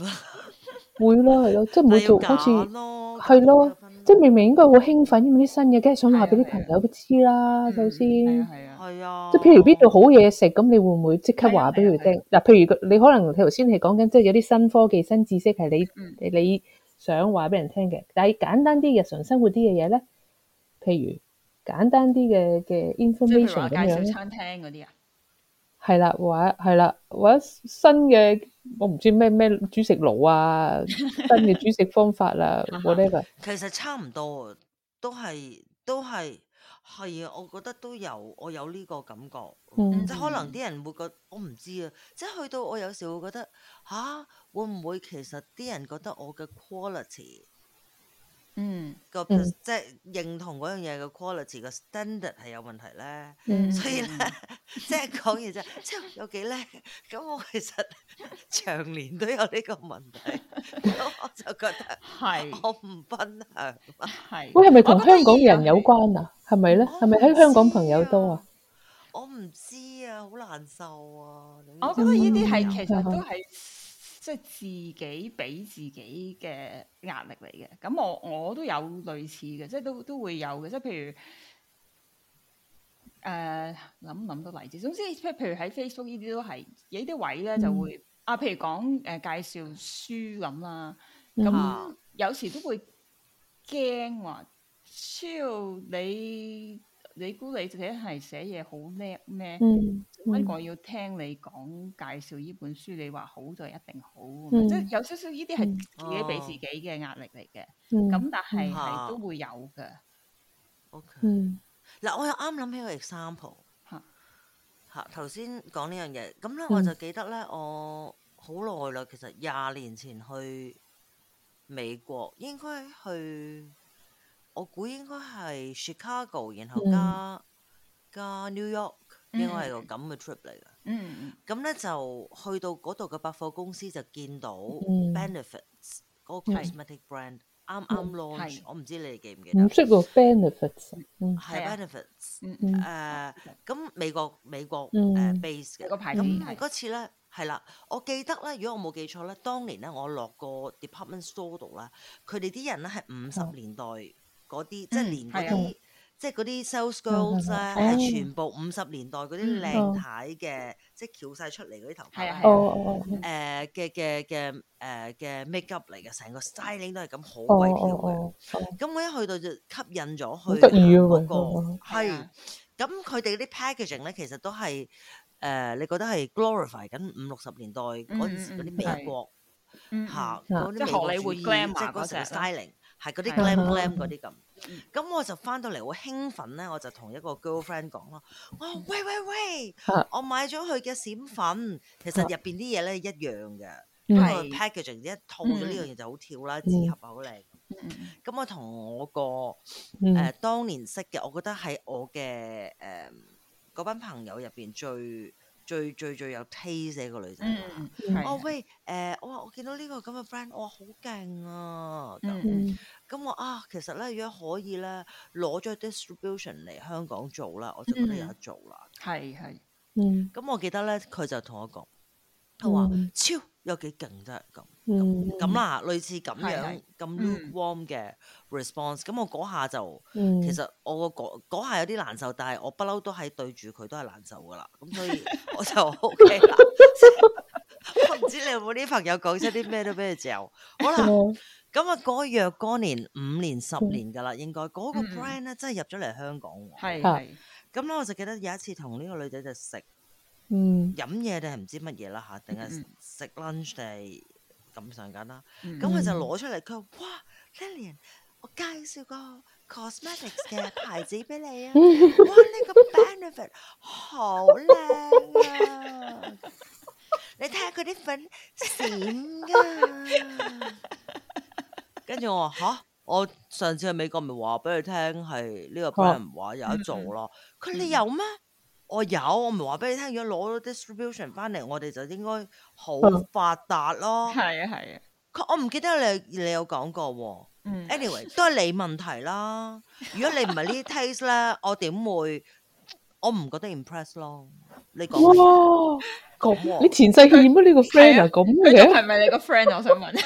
[SPEAKER 1] 會啦係咯，即係唔會做好似係咯，即係明明應該好興奮，因為啲新嘢，梗係想話俾啲朋友知啦。首先係啊，即係譬如邊度好嘢食，咁你會唔會即刻話俾佢聽？嗱，譬如你可能頭先係講緊，即係有啲新科技、新知識係你你。想話俾人聽嘅，但係簡單啲日常生活啲嘅嘢咧，譬如簡單啲嘅嘅 information 咁上餐廳嗰啲啊，係啦，或係啦，或者新嘅，我唔知咩咩煮食爐啊， 新嘅煮食方法啦，啊，我呢個
[SPEAKER 2] 其實差唔多，都係都係。係啊，我覺得都有，我有呢個感覺，嗯、即係可能啲人會覺得，我唔知啊，即係去到我有時會覺得，吓、啊、會唔會其實啲人覺得我嘅 quality？嗯，個即係認同嗰樣嘢嘅 quality 個、嗯、standard 係有問題咧，嗯、所以咧、嗯、即係講嘢就 即係有幾叻嘅，咁我其實長年都有呢個問題，咁 我就覺得係我唔分享係，喂，係咪同香港人
[SPEAKER 1] 有關啊？係咪咧？係咪喺香港朋友多啊？
[SPEAKER 2] 我唔知啊，好難受啊！我覺得呢啲係其實都係。 即係自己
[SPEAKER 3] 俾自己嘅壓力嚟嘅，咁我我都有類似嘅，即係都都會有嘅，即係譬如誒諗諗都例子，總之譬如喺 Facebook 呢啲都係，有啲位咧就會、嗯、啊，譬如講誒、呃、介紹書咁啦，咁、嗯、有時都會驚話超你。你估你自己係寫嘢好叻咩？嗯，唔係講要聽你講介紹呢本書，你話好就一定好。嗯、即係有少
[SPEAKER 2] 少呢啲係自己俾自己嘅壓力嚟嘅、哦。嗯，咁但係你都會有嘅。O K。嗱，我又啱諗起個 example。嚇嚇、啊，頭先講呢樣嘢，咁咧、嗯、我就記得咧，我好耐啦，其實廿年前去美國，應該去。我估應該係 Chicago，然後加加 New York，應該係個咁嘅 trip 嚟嘅。嗯嗯。咁咧就去到嗰度嘅百貨公司就見到 Benefit 嗰個 cosmetic brand 啱啱 launch，我唔知你哋記唔記得？唔識個
[SPEAKER 1] Benefit。嗯，係
[SPEAKER 2] Benefit。嗯嗯。誒，咁美國美國誒 base 嘅個牌子。咁嗰次咧係啦，我記得咧，如果我冇記錯咧，當年咧我落個 department store 度啦，佢哋啲人咧係五十年代。嗰啲即係連嗰啲即係嗰啲 sales girls 咧，係全部五十年代嗰啲靚太嘅，即係翹曬出嚟嗰啲頭髮，誒嘅嘅嘅誒嘅 makeup 嚟嘅，成個 styling 都係咁好鬼翹嘅。咁我一去到就吸引咗去得意啊嗰個係。咁佢哋啲 packaging 咧，其實都係誒，你覺得係 glorify 緊五六十年代嗰陣時嗰啲美國嚇，即係學你會 glam 啊嗰時候 styling。係嗰啲 glam glam 嗰啲咁，咁我就返到嚟好興奮咧，我就同一個 girlfriend 講咯，我，喂喂喂，我買咗佢嘅閃粉，其實入邊啲嘢咧一樣嘅，因為的 packaging 一套咗呢樣嘢就好跳啦，紙盒啊好靚，咁我同我個誒、呃、當年識嘅，我覺得喺我嘅誒嗰班朋友入邊最最最最有 taste 嘅一個女仔，哇喂，誒，哇，我見到呢個咁嘅 friend，哇，好勁啊！咁咁我啊，其實咧，如果可以咧，攞咗 distribution 嚟香港做啦，我就覺得有得做啦。係係，咁、嗯嗯、我記得咧，佢就同我講，佢話超。嗯有幾勁真係咁咁啦，類似咁樣咁是 lukewarm 嘅 response，嗯。咁我嗰下就其實我個嗰下有啲難受，但係我不嬲都係對住佢都係難受噶啦。咁所以我就 OK 啦。 我唔知你有冇啲朋友講出啲咩都俾佢嚼好啦？咁、那、啊、個，嗰約嗰年五年十年噶啦，嗯、應該嗰、那個 brand 咧真係入咗嚟香港係係咁咧。嗯、我就記得有一次同呢個女仔就食飲嘢定係唔知乜嘢啦嚇，定係、嗯。嗯食 lunch 定係咁上緊啦，咁佢、嗯、就攞出嚟，佢話：哇，Lilian，l 我介紹個 cosmetics 嘅牌子俾你啊！ 哇，呢個 benefit 好靚啊！你睇下佢啲粉閃啊！跟住 我話吓，我上次去美國咪話俾你聽，係呢個 brand 話有得做咯。佢、啊、你有咩？ 我有，我唔係話俾你聽，如果攞咗 distribution 翻嚟，我哋就應該好發達咯。係啊係啊，佢我唔記得你你有講過。嗯，anyway 都係你問題啦。如果你唔係呢啲 taste 咧，我點會？我唔覺得 impress 咯。你講
[SPEAKER 1] 哇咁？你前世欠乜？你個 friend 啊咁嘅係
[SPEAKER 2] 咪你個 friend？我想問，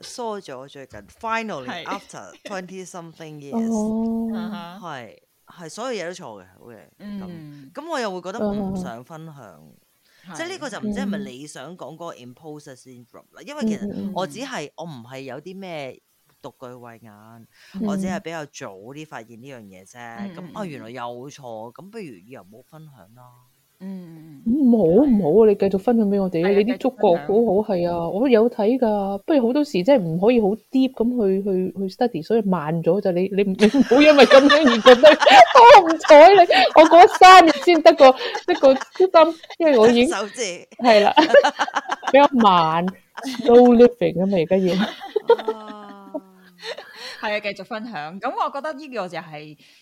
[SPEAKER 2] 誒，疏咗最近，finally after twenty something years，係。係所有嘢都錯嘅，OK。咁咁、嗯、我又會覺得唔想分享，嗯、即係呢個就唔知係咪你想講嗰個 imposter syndrome 啦。嗯、因為其實我只係我唔係有啲咩獨具慧眼，我、嗯、我只係比較早啲發現呢樣嘢啫。咁、嗯嗯、啊原來又錯，咁不如以後冇分享啦。
[SPEAKER 1] 嗯，唔好唔好啊！你繼續分享俾我哋咧，的你啲觸覺好好係的啊，我都有睇噶。不如好多時真係唔可以好 deep 咁去去去 study，所以慢咗就你你你唔好因為咁樣而覺得好唔睬你。我過咗三年先得個一個基金，因為我已經係啦指，比較慢，slow living 啊嘛，而家要。
[SPEAKER 3] 係啊，繼續分享。咁我覺得呢個就係、是。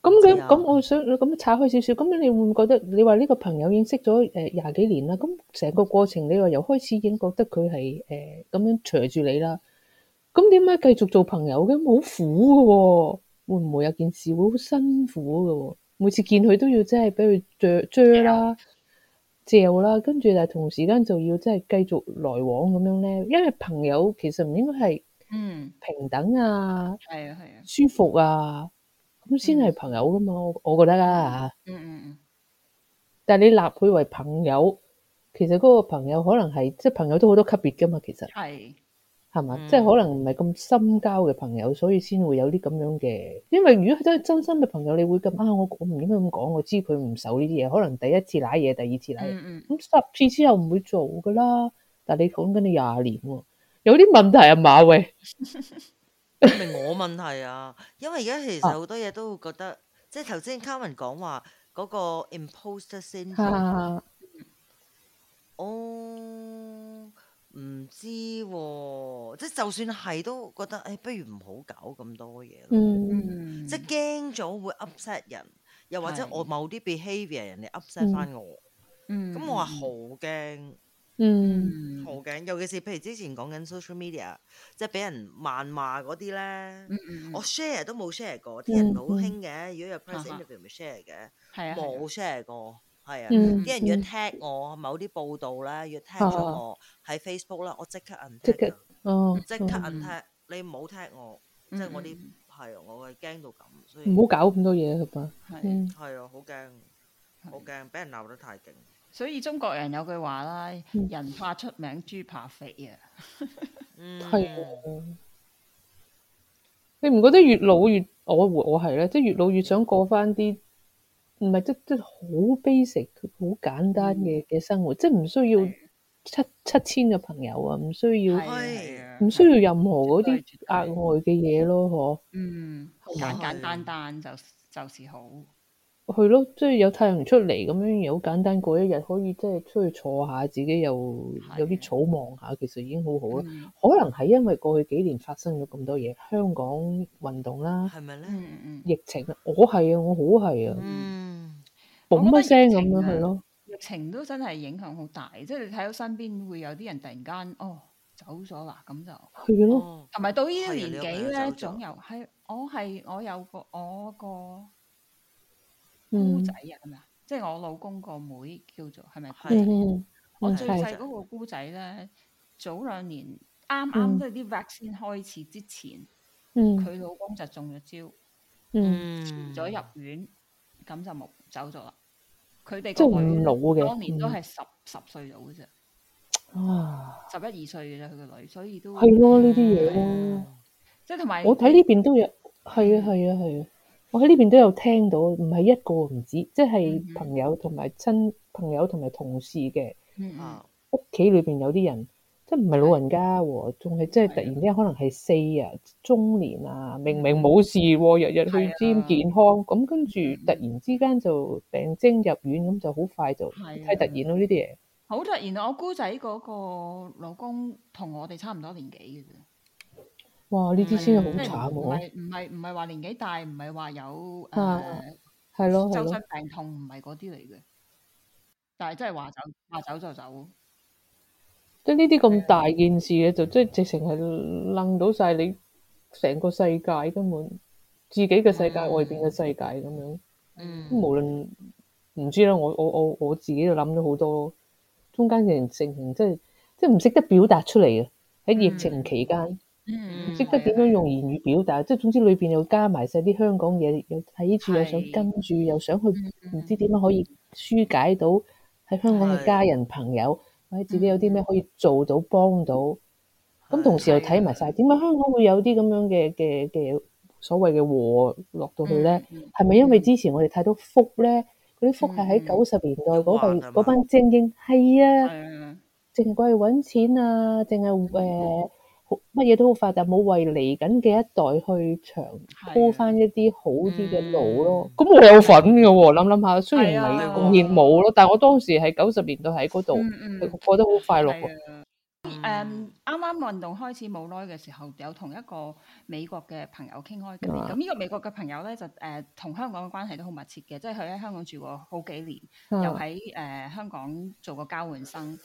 [SPEAKER 1] 咁咁咁，樣樣我想咁拆開少少。咁你會唔會覺得？你話呢個朋友認識咗誒廿幾年啦，咁成個過程，你話由開始已經覺得佢係誒咁樣錘住你啦。咁點解繼續做朋友嘅？好苦嘅喎、哦，會唔會有件事會好辛苦嘅、哦？每次見佢都要即係俾佢嚼嚼啦、嚼啦，跟住但係同時間就要即係繼續來往咁樣咧。因為朋友其實唔應該係
[SPEAKER 3] 嗯
[SPEAKER 1] 平等啊，係啊係啊，舒服啊。咁先係朋友噶嘛，我我覺得啦啊。嗯嗯嗯。但係你立佢為朋友，其實嗰個朋友可能係即係朋友都好多級別噶嘛，其實係係嘛，即係可能唔係咁深交嘅朋友，所以先會有啲咁樣嘅。因為如果真係真心嘅朋友，你會咁啊，我我唔應該咁講，我知佢唔受呢啲嘢，可能第一次瀨嘢，第二次嚟，咁、嗯嗯、十次之後唔會做噶啦。但係你講緊你廿年喎，有啲問題啊馬喂。
[SPEAKER 2] 明係我問題啊，因為而家其實好多嘢都會覺得，即係頭先 c a i n 講話嗰個 imposter s y n d r o m 我唔知喎，即係就算係都覺得，誒不如唔好搞咁多嘢咯，嗯、即係驚咗會 upset 人，又或者我某啲 b e h a v i o r 人哋 upset 翻我，嗯，咁我話好驚。嗯，好驚，尤其是譬如之前講緊 social media，即係俾人謾罵嗰啲咧，我 share 都冇 share 過，啲人好興嘅，如果有 press interview 咪 share 嘅，係啊冇 share 過，係啊，啲人如果 tag 我某啲報道咧，要 tag 咗我喺 Facebook 啦，我即刻 untag，即刻 untag，你唔好 tag 我，即係我啲係啊我會驚到咁，所以唔好搞咁
[SPEAKER 1] 多嘢啊嘛，
[SPEAKER 2] 係係啊，好驚，好驚俾人鬧得太勁。
[SPEAKER 3] 所以中國人有句話啦，嗯、人怕出名，豬怕肥、 嗯、 啊。嗯，
[SPEAKER 1] 你唔覺得越老越我我係咧，即、就、係、是、越老越想過翻啲唔係即即好 basic 好簡單嘅嘅生活，嗯、即係唔需要七、啊、七,七千嘅朋友啊，唔需要唔、啊、需要任何嗰啲額外嘅嘢咯，嗬、啊。啊啊、嗯，簡簡，簡
[SPEAKER 3] 單單，單就就是好。
[SPEAKER 1] 係咯，即係、就是、有太陽出嚟咁樣，又好簡單過一日，可以即係出去坐下，自己又的有啲草望，望下，其實已經好好咯。嗯、可能係因為過去幾年發生咗咁多嘢，香港運動啦，係咪
[SPEAKER 2] 咧？
[SPEAKER 1] 疫情我係啊，我好係啊，嗯，嘣一聲咁樣，係咯。
[SPEAKER 3] 疫情都真係影響好大，即係你睇到身邊會有啲人突然間哦走咗啦，咁就係咯。同埋的、哦、到呢啲年紀咧，總有係，我係我有個我個。姑仔啊，咁啊，即係我老公個妹叫做，係咪？
[SPEAKER 1] 係，我最細嗰
[SPEAKER 3] 個姑仔咧，早兩年啱啱即係啲 vaccine 開始之前，佢老公就中咗招，咗入院，咁就冇走咗啦。佢哋即係唔老嘅，當年都係十十歲到嘅啫，十一二歲嘅啫，佢個女，所以都係咯呢啲嘢。即係同埋我睇呢邊
[SPEAKER 1] 都有，係啊，係啊，係啊。我喺呢邊都有聽到，唔係一個唔止，即係朋友同埋親朋友同埋同事嘅，屋企裏邊有啲人，即係唔係老人家喎，仲係即係突然之間可能係四啊中年啊，明明冇事啊，日日去檢 健康，咁跟住突然之間就病徵入院，咁就好快就係太突然咯呢啲嘢。
[SPEAKER 3] 好 突然啊！我姑仔嗰個老公同我哋差唔多年紀嘅啫。
[SPEAKER 1] 哇！呢啲先係好慘喎，唔係唔
[SPEAKER 3] 係唔係話年紀大，唔係話有，誒
[SPEAKER 1] 係咯係咯，周身
[SPEAKER 3] 病痛唔係嗰啲嚟嘅，但係真係話走話走就走。
[SPEAKER 1] 即係呢啲咁大件事嘅，就即係直情係愣到曬你成個世界，根本自己嘅世界、外邊嘅世界咁樣。嗯，無論唔知咧，我我我我自己就諗咗好多，中間成成即係即係唔識得表達出嚟嘅喺疫情期間。嗯，識得點樣用言語表達，是是是即係總之裏邊又加埋曬啲香港嘢，又睇住，是是又想跟住，又想去，唔知點樣可以紓解到喺香港嘅家人，是是家人朋友，或者自己有啲咩可以做到幫到。咁同時又睇埋曬，點解香港會有啲咁樣嘅嘅嘅所謂嘅禍落到去咧？係咪因為之前我哋太多福咧？嗰啲福係喺九十年代嗰班精英，正係啊，淨係攞嚟搵錢啊，淨係誒。呃乜嘢都好快，但冇為嚟緊嘅一代去長鋪返一啲好啲嘅路咯。咁我、嗯、有份嘅喎，諗諗下，雖然你今年冇咯，的但係我當時係九十年代喺嗰度，的嗯嗯、過得好快樂。
[SPEAKER 3] 誒啱啱運動開始冇耐嘅時候，有同一個美國嘅朋友傾開。咁呢個美國嘅朋友咧，就誒同、呃、香港嘅關係都好密切嘅，即係佢喺香港住過好幾年，啊、又喺誒、呃、香港做過交換生。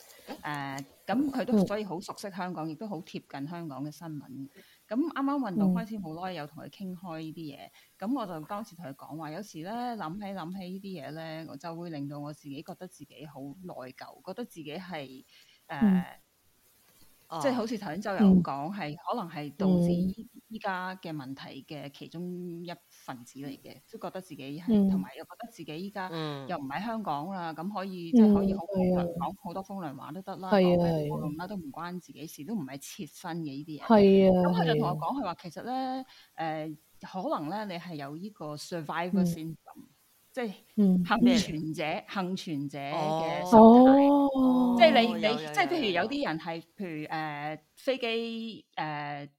[SPEAKER 3] 誒咁佢都所以好熟悉香港，亦都好貼近香港嘅新聞。咁啱啱運動開始冇耐、嗯，有同佢傾開呢啲嘢。咁我就當時同佢講話，有時咧諗起諗起呢啲嘢咧，我就會令到我自己覺得自己好內疚，覺得自己係誒。
[SPEAKER 1] 呃即係好似頭先周游
[SPEAKER 3] 講，係可能係導致依家嘅問題嘅其中一份子嚟嘅，都覺得自己係，同埋又覺得自己依家又唔喺香港啦，咁可以即係可以好風涼講好多風涼話都得啦，講咩都冇啦，都唔關自己事，都唔係切身嘅呢啲嘢。係啊，咁佢就同我講，佢話其實咧誒，可能咧你係有呢個 survival 先。即係幸存者，幸存者嘅心態，
[SPEAKER 1] 哦、即係你你，即
[SPEAKER 3] 係譬如有啲人係，譬如誒、呃、飛機誒。呃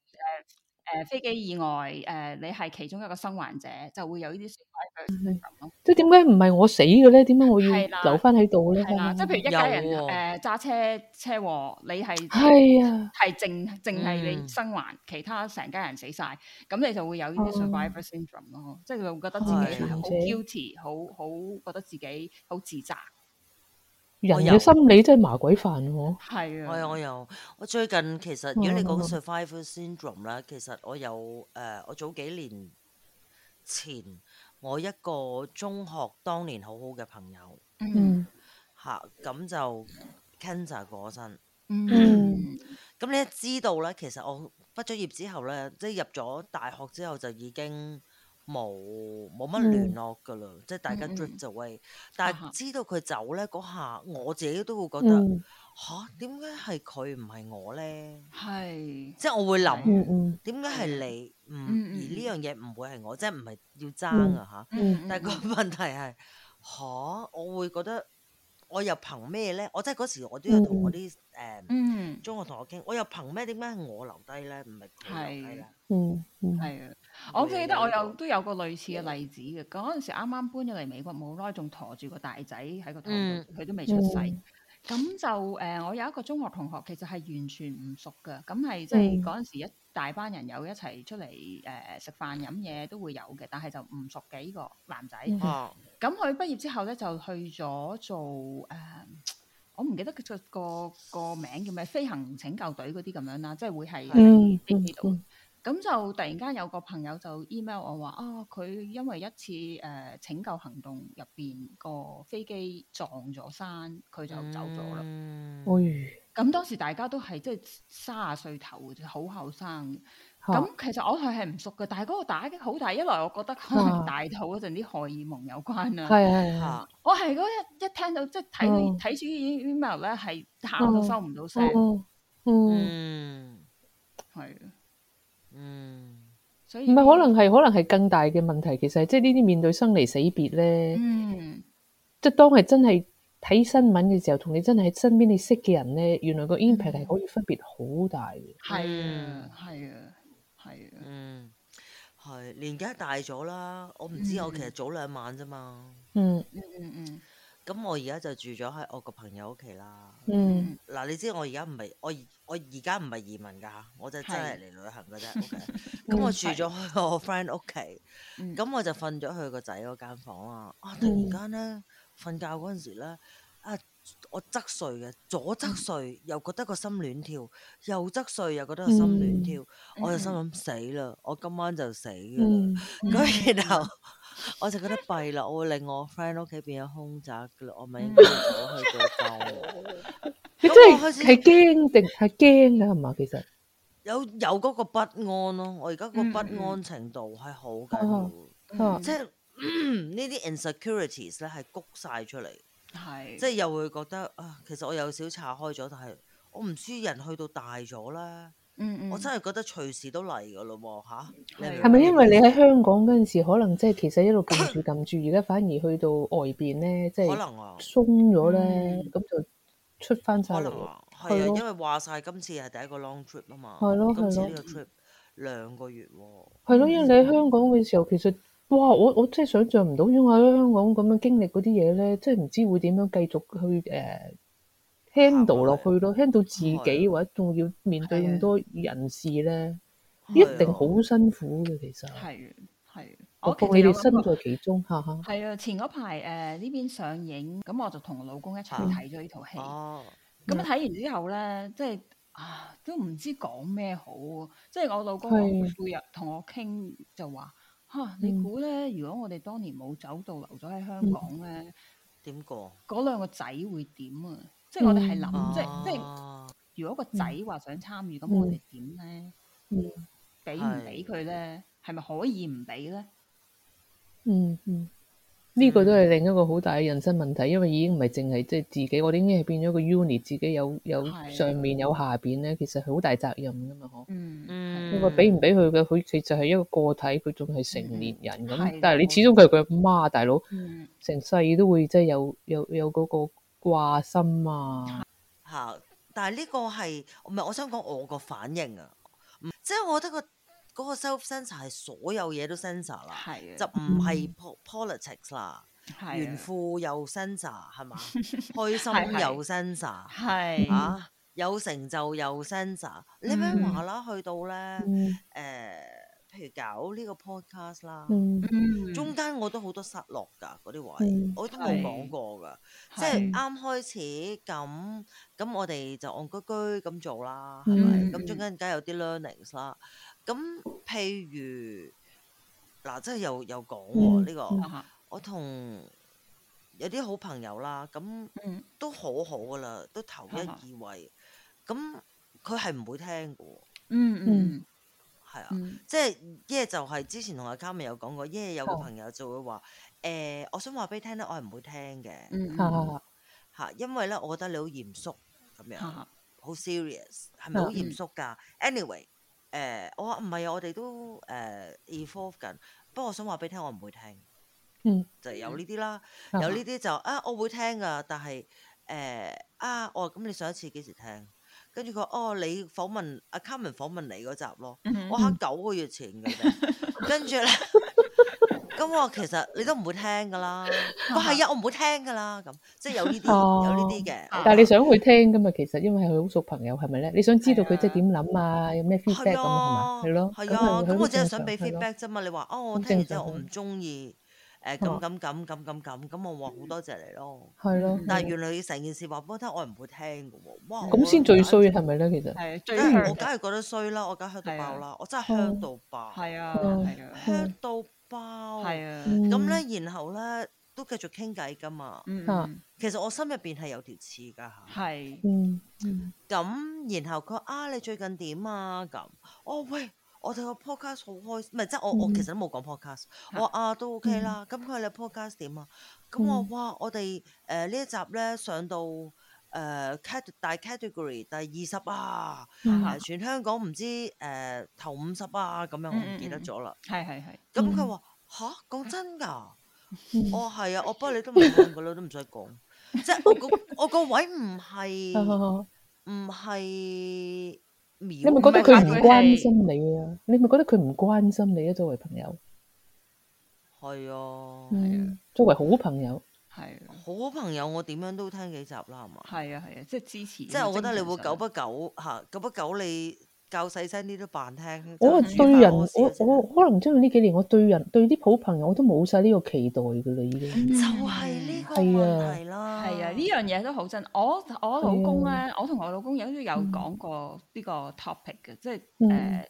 [SPEAKER 3] 誒，飛機意外，誒、呃，你係其中一個生還者，就會有呢啲 survivor syndrome。
[SPEAKER 1] 即係點解唔係我死嘅咧？點解我要留翻喺度咧？即係譬如一家人，誒、
[SPEAKER 3] 啊，揸、呃、車，車禍，你係係啊，係淨淨係你生還，其他成家人死晒，咁、嗯、你就會有呢啲 survivor syndrome 咯。即係你會覺得自己好 guilty，好好、嗯、覺得自己
[SPEAKER 2] 好自責。
[SPEAKER 1] 人嘅心理真係麻鬼煩喎，
[SPEAKER 2] 啊，係啊，我有我最近其實，如果你講 survivor syndrome 啦，嗯，其實我有誒、呃，我早幾年前我一個中學當年好好嘅朋友，嗯，咁就 cancer 過身，咁你一知道咧，其實我畢咗業之後咧，即係入咗大學之後就已經。冇冇乜聯絡噶啦，即係大家 drift away，但係知道佢走咧嗰下，我自己都會覺得吓，點解係佢唔係我咧？係即係我會諗點解係你唔，而呢樣嘢唔會係我，即係唔係要爭啊嚇？但係個問題係吓，我會覺得。我又憑咩咧？我真係嗰時我都有同我啲誒、嗯嗯、中學同學傾，我又憑咩點解我留低咧？唔係佢留
[SPEAKER 1] 低
[SPEAKER 2] 啦。嗯嗯，係啊！我記得我有、嗯、
[SPEAKER 3] 都有個類似嘅例子嘅。嗰陣、嗯、時啱啱搬咗嚟美國，冇耐仲駝住個大仔喺個肚度，佢都未出世。咁、嗯嗯、就誒、呃，我有一個中學同學，其實係完全唔熟嘅。咁係即係嗰陣時一大班人有一來來，一齊出嚟誒食飯飲嘢都會有嘅，但係就唔熟嘅呢、這個男仔。嗯啊啊咁佢畢業之後咧就去咗做誒、呃，我唔記得佢個個名叫咩，飛行拯救隊嗰啲咁樣啦，即係會係飛機度。咁、嗯、就突然間有個朋友就 email 我話啊，佢、哦、因為一次誒、呃、拯救行動入邊個飛機撞咗山，佢就走咗啦。咁、
[SPEAKER 1] 嗯
[SPEAKER 3] 哎、當時大家都係即係卅歲頭，好後生。咁其實我佢係唔熟嘅，但係嗰個打擊好大。一來我覺得可能大肚嗰陣啲荷爾蒙有關啊。係係係，我係嗰日一一聽到即係睇睇住 email 咧，係喊都收唔到聲。嗯，係啊，嗯，所以唔係可
[SPEAKER 1] 能係可能係更大嘅問題。其實即係呢啲面對生離死別咧，即係當係真係睇新聞嘅時候，同你真係喺身邊你識嘅人咧，原來個 impact 係可以分別好大嘅。係啊，係啊。
[SPEAKER 2] 係，嗯，係年紀大咗啦，我唔知、嗯、我其實早兩晚啫嘛，嗯嗯嗯，咁我而家就住咗喺我個朋友屋企啦，嗯，嗱、嗯嗯、你知我而家唔係我我而家唔係移民噶吓，我就真係嚟旅行噶啫，咁我住咗喺我 friend 屋企，咁、嗯、我就瞓咗佢個仔嗰間房啊、嗯、啊，啊突然間咧瞓覺嗰陣時咧。我側睡嘅，左側睡又覺得個心亂跳，右側睡又覺得個心亂跳，嗯、我就心諗、嗯、死啦，我今晚就死啦。咁、嗯嗯、 然後我就覺得弊啦，我會令我 friend 屋企變咗凶宅噶啦，我咪應該早去到瞓。 你真係係
[SPEAKER 1] 驚定係驚噶係嘛？其實
[SPEAKER 2] 有有嗰個不安咯、啊，我而家個不安程度係好緊要，嗯嗯哦嗯、即係、嗯、呢啲 insecurities 咧係谷晒出嚟。
[SPEAKER 3] 係，是即係又
[SPEAKER 2] 會覺得啊，其實我有少岔開咗，但係我唔知人去到大咗啦。嗯嗯，我真係覺得隨時都嚟㗎啦喎嚇。係、啊、咪因為你喺
[SPEAKER 1] 香港嗰陣時，可能即係其實一路撳住撳住，而家、啊、反而去到外邊咧，即係可能鬆咗咧，咁、啊嗯、就出翻差喎。係啊，啊的因為
[SPEAKER 2] 話晒今次係第一個 long trip 啊嘛。係咯係咯。今次呢個 trip 兩、嗯、個月喎、啊。係咯，因為你喺
[SPEAKER 1] 香港嘅時候其實。哇！我我真係想象唔到，因為喺香港咁樣經歷嗰啲嘢咧，即係唔知會點樣繼續去誒 handle 落去咯 handle 自己或者仲要面對咁多人事咧，一定好辛苦嘅。其實係
[SPEAKER 3] 係，我你哋身
[SPEAKER 1] 在其中吓吓。
[SPEAKER 3] 係啊，前嗰排誒呢邊上映，咁我就同我老公一齊睇咗呢套戲。哦，咁啊睇完之後咧，即係啊都唔知講咩好。即係我老公每日同我傾就話。啊、你估咧？如果我哋當年冇走到，留咗喺香港咧，點、嗯、過？嗰兩個仔會點、嗯、啊？即係我哋係諗，即係即係，如果個仔話想參與，咁、嗯、我哋點咧？嗯，俾唔俾佢咧？係咪是可以唔俾咧？嗯嗯。
[SPEAKER 1] 呢個都係另一個好大嘅人生問題，因為已經唔係淨係即係自己，我哋已經係變咗個 unit 自己有有上面有下邊咧，其實好大責任噶嘛，嗬、嗯。嗯嗯。你話俾唔俾佢嘅，佢其實係一個個體，佢仲係成年人咁，嗯、但係你始終佢係個媽大佬，嗯、成世都會即係有有有嗰個掛心啊。
[SPEAKER 2] 嚇！但係呢個係唔係我想講我個反應啊？即係我覺得、那個。嗰個 self censor 係所有嘢都 censor 啦，就唔係 politics 啦，炫富又 censor 係嘛？開心又 censor，嚇有成就又 censor。你咪話啦，去到咧誒，譬如搞呢個 podcast 啦，中間我都好多失落㗎嗰啲位，我都冇講過㗎。即係啱開始咁咁，我哋就戇居居咁做啦，係咪？咁中間而家有啲 learnings 啦。咁譬如嗱，真係又又講喎呢個，我同有啲好朋友啦，咁都好好噶啦，都頭一二位，咁佢係唔會聽嘅。嗯嗯，係啊，即係耶就係之前同阿卡米有講過，耶有個朋友就會話，誒，我想話俾你聽咧，我係唔會聽嘅。嗯，嚇，因為咧，我覺得你好嚴肅咁樣，好 serious 係咪好嚴肅㗎？Anyway。誒、uh,，話我唔係啊，我哋都誒 evolve 緊，不過我想話俾你聽，我唔會聽，嗯、mm，hmm. 就有呢啲啦，mm hmm. 有呢啲就啊，我會聽噶，但係誒啊，啊，我咁、嗯、你上一次幾時聽？跟住佢哦，你訪問阿 Carmen 訪問你嗰集咯，mm hmm. 我喺九個月前嘅，跟住咧。Hmm. 咁我其實你都唔會聽噶啦，我係啊，我唔會聽噶啦，咁即係有呢啲有呢啲嘅。但係你想去
[SPEAKER 1] 聽噶嘛？其實因為係佢好熟朋友，係咪咧？你想知道佢即係點諗啊？有咩 feedback 咁係嘛？係咯。係啊，咁我只係想俾 feedback
[SPEAKER 2] 啫嘛。你話哦，我聽完之後我唔中意，誒咁咁咁咁咁咁，咁我話好多謝你咯。
[SPEAKER 1] 係咯。但係原
[SPEAKER 2] 來你成件事話俾我聽，我唔會聽嘅喎。哇！咁先最
[SPEAKER 1] 衰係咪咧？其實係最。我
[SPEAKER 2] 梗係覺得衰啦，我梗係香到爆啦，我真係香到爆。係啊，香到～係啊，咁咧，然後咧都繼續傾偈噶嘛，嗯，其實我心入邊係有條刺噶吓，係的，嗯，咁、嗯、然後佢話啊，你最近點啊咁，哦喂，我哋個 podcast 好開心，唔係，即係我、嗯、我其實都冇講 podcast，、嗯、我啊都 OK 啦，咁佢話你 podcast 點啊，咁我、嗯、哇，我哋誒呢一集咧上到。誒大 category 第二十啊，全香港唔知誒頭五十啊咁樣，我唔記得咗啦。係係係。咁佢話吓，講真㗎，我話係啊，我不過你都唔講佢啦，都唔使講。即係我個我個位唔係唔係。你咪覺得佢唔關心
[SPEAKER 1] 你啊？你咪覺得佢唔關心你啊？作為朋友，
[SPEAKER 2] 係啊，
[SPEAKER 1] 作為好朋友，
[SPEAKER 2] 係。好，好朋友，我點樣都聽幾集啦，係嘛？係啊係啊，即係支持。即係我覺得你會久不久嚇實、啊，久不久你教細聲啲都扮聽。我對人，
[SPEAKER 1] 我試試我，我可能唔中意呢幾年，我對人對啲好朋友我都冇晒呢個期待㗎啦，已經。就係呢個問
[SPEAKER 3] 題啦。係啊，呢樣嘢都好真。我我老公咧，啊、我同我老公有都有講過呢個 topic 嘅、嗯，即係誒。Uh, 嗯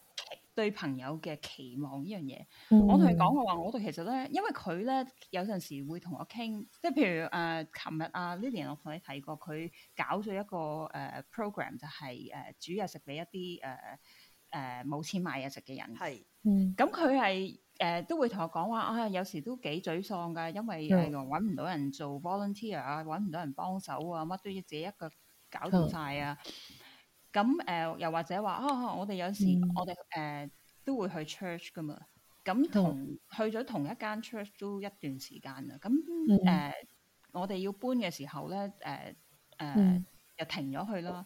[SPEAKER 3] 對朋友嘅期望呢樣嘢，mm hmm. 我同佢講嘅話，我對其實咧，因為佢咧，有陣時會同我傾，即係譬如誒，琴、呃、日啊 Lilian 我同你提過，佢搞咗一個誒、呃、program 就係、是、誒、呃、煮嘢食俾一啲誒誒冇錢買嘢食嘅人。係是，咁佢係誒都會同我講話，啊，有時都幾沮喪㗎，因為誒揾唔到人做 volunteer 啊，揾唔到人幫手啊，乜都要自己一個搞掂晒啊。Mm hmm. 咁誒，又、啊、或者話啊，我哋有時、嗯、我哋誒、啊、都會去 church 噶嘛。咁同、嗯、去咗同一間 church 都一段時間啦。咁、嗯、誒、嗯啊，我哋要搬嘅時候咧，誒、uh, 誒、嗯嗯、又停咗去啦。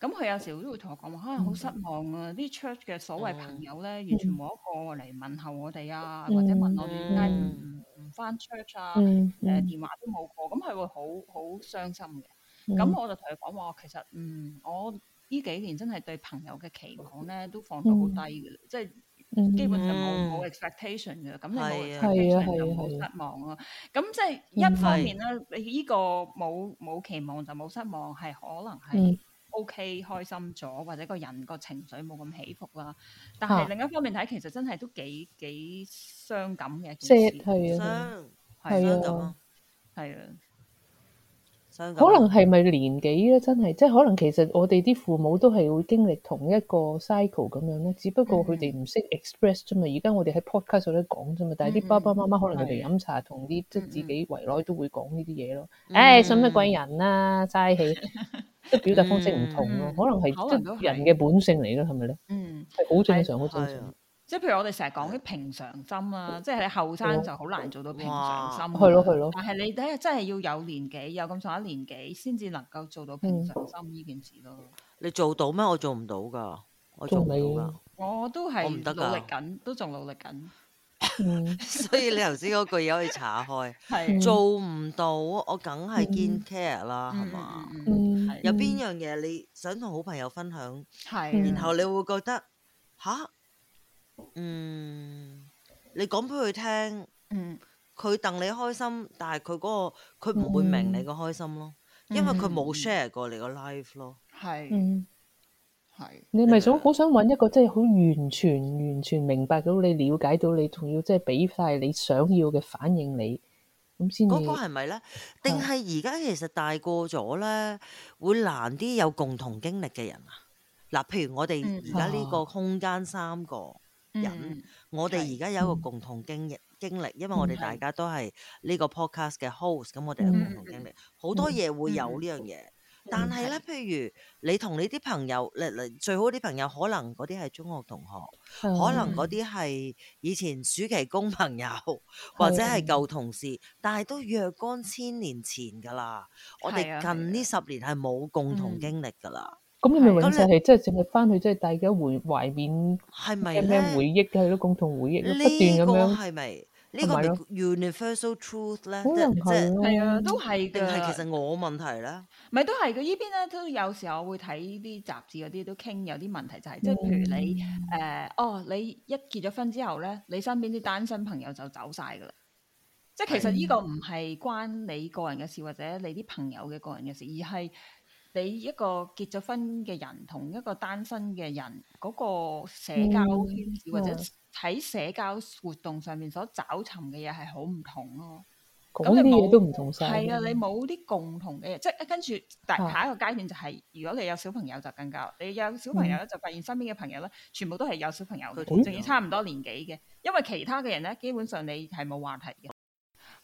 [SPEAKER 3] 咁、啊、佢有時都會同我講話，可、哎、能好失望啊！啲 church 嘅所謂朋友咧，完全冇一個嚟問候我哋啊，或者問我哋點解唔唔返 church 啊？誒、呃、電話都冇過，咁佢會好好傷心嘅。
[SPEAKER 2] 咁我就
[SPEAKER 3] 同佢講話，其實嗯，我。呢幾年真係對朋友嘅期望咧都放得好低嘅，即係
[SPEAKER 2] 基本上冇冇
[SPEAKER 3] expectation 嘅，咁你冇 expectation 就冇失望咯。咁即係一方面咧，你呢個冇冇期望就冇失望，係可能係 OK 開心咗，或者個人個情緒冇咁起伏啦。但係另一方面睇，其實真係都幾幾傷感嘅一件事，傷係啊，係啊。
[SPEAKER 1] 可能係咪年紀咧，真係即係可能，其實我哋啲父母都係會經歷同一個 cycle 咁樣咧。只不過佢哋唔識 express 啫嘛。而家我哋喺 podcast 度咧講啫嘛。但係啲爸爸媽媽可能佢哋飲茶，同啲的即係自己圍內都會講呢啲嘢咯。誒的，信乜鬼人啊，嘥氣，即 係表達方式唔同咯。 嗯、可能係即係人嘅本性嚟咯，係咪咧？嗯，係好正常，好正常。的
[SPEAKER 3] 即係譬如我哋成日講啲平常心啊，即係你後生就好難做到平常心，係咯，係咯。但係你睇下，真係要有年紀，有咁上下年紀，先至能夠做到平常心呢件事咯。
[SPEAKER 2] 你做到咩？我做唔到噶我做唔到噶。我都係唔得㗎，努力緊，都仲努力緊。所以你頭先嗰句嘢可以查開，係做唔到，我梗係見 care 啦，係嘛？有邊樣嘢你想同好朋友分享？係，然後你會覺得吓。嗯，你講俾佢聽，嗯，佢戥你開心，但係佢嗰個佢唔會明你個開心咯，因為佢冇 share 過你個 life 咯，係、嗯，係
[SPEAKER 1] 你咪想好想揾一個即係好完全完全明白到你，了解到你，仲要即係俾晒你想要嘅反應你咁先嗰個係
[SPEAKER 2] 咪咧？定係而家其實大個咗咧會難啲有共同經歷嘅人啊？嗱，譬如我哋而家呢個空間三個。人，嗯、我哋而家有一個共同經歷，嗯、經歷，因為我哋大家都係呢個 podcast 嘅 host 咁我哋有共同經歷，好、嗯、多嘢會有、嗯、呢樣嘢。但係咧，譬如你同你啲朋友，嚟嚟最好啲朋友，可能嗰啲係中學同學，的可能嗰啲係以前暑期工朋友，或者係舊同事，的但係都若干千年前噶啦。我哋近呢十年係冇共同經歷噶啦。
[SPEAKER 1] 咁你咪永世係，即係淨係翻去，即係大家回懷念，有咩回憶嘅，佢都共同回憶，回憶係不斷咁樣。係咪？呢個
[SPEAKER 2] 係咪呢個 universal truth 咧？好難講。係啊，都係定係其實我問題咧？
[SPEAKER 3] 咪都係佢依邊咧，都有時候我會睇啲雜誌嗰啲都傾有啲問題，就係，就係即係譬如你誒、呃，哦，你一結咗婚之後咧，你身邊啲單身朋友就走晒㗎啦。即係的其實呢個唔係關你個人嘅事，或者你啲朋友嘅個人嘅事，而係。你一個結咗婚嘅人，同一個單身嘅人，嗰、那個社交圈子、嗯、或者喺社交活動上面所找尋嘅嘢係好唔同
[SPEAKER 1] 咯。咁啲嘢都唔同晒。係啊，你
[SPEAKER 3] 冇啲共同嘅嘢，即係跟住，但下一個階段就係、是，啊、如果你有小朋友就更加，嗯、你有小朋友咧就發現身邊嘅朋友咧，全部都係有小朋友，仲要、嗯、差唔多年紀嘅，因為其他嘅人咧，基本上你係冇話題嘅。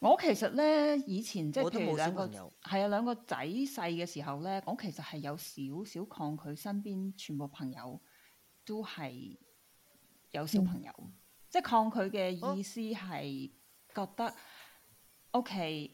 [SPEAKER 3] 我其實咧以前即係譬如兩個係，啊，兩個仔細嘅時候咧，我其實係有少少抗拒身邊全部朋友都係有小朋友，嗯、即係抗拒嘅意思係覺得 OK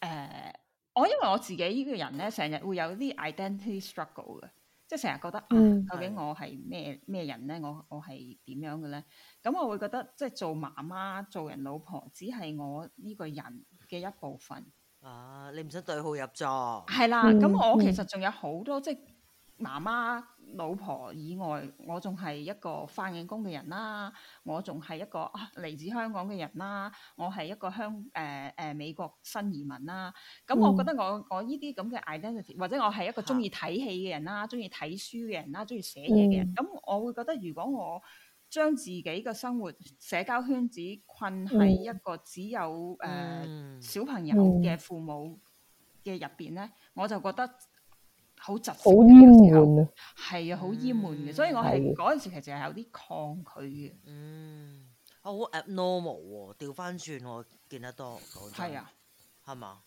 [SPEAKER 3] 誒，我因為我自己呢個人咧成日會有啲 identity struggle 嘅。即係成日覺得、啊，究竟我係咩咩人咧？我我係點樣嘅咧？咁我會覺得即係做媽媽、做人老婆，只係我呢個人嘅一部分。
[SPEAKER 2] 啊！你唔使對號入座。係啦，咁我其實
[SPEAKER 3] 仲有好多、嗯嗯、即係
[SPEAKER 2] 媽媽。老婆
[SPEAKER 3] 以外，我仲係一個返緊工嘅人啦，我仲係一個嚟自香港嘅人啦，我係一個香誒誒美國新移民啦。咁、嗯、我覺得我我呢啲咁嘅 identity，或者我係一個鍾意睇戲嘅人啦，鍾意睇書嘅人啦，鍾意寫嘢嘅人。咁我會覺得如果我將自己嘅生活社交圈子困喺一個只有誒、嗯呃、小朋友嘅父母嘅入邊咧，我就覺得，好窒好陰悶，係啊，好陰悶嘅，嗯、所以我
[SPEAKER 2] 係嗰陣時其實係有啲抗拒嘅。嗯，好 abnormal 喎，調翻轉我見得多。係啊，係嘛吧？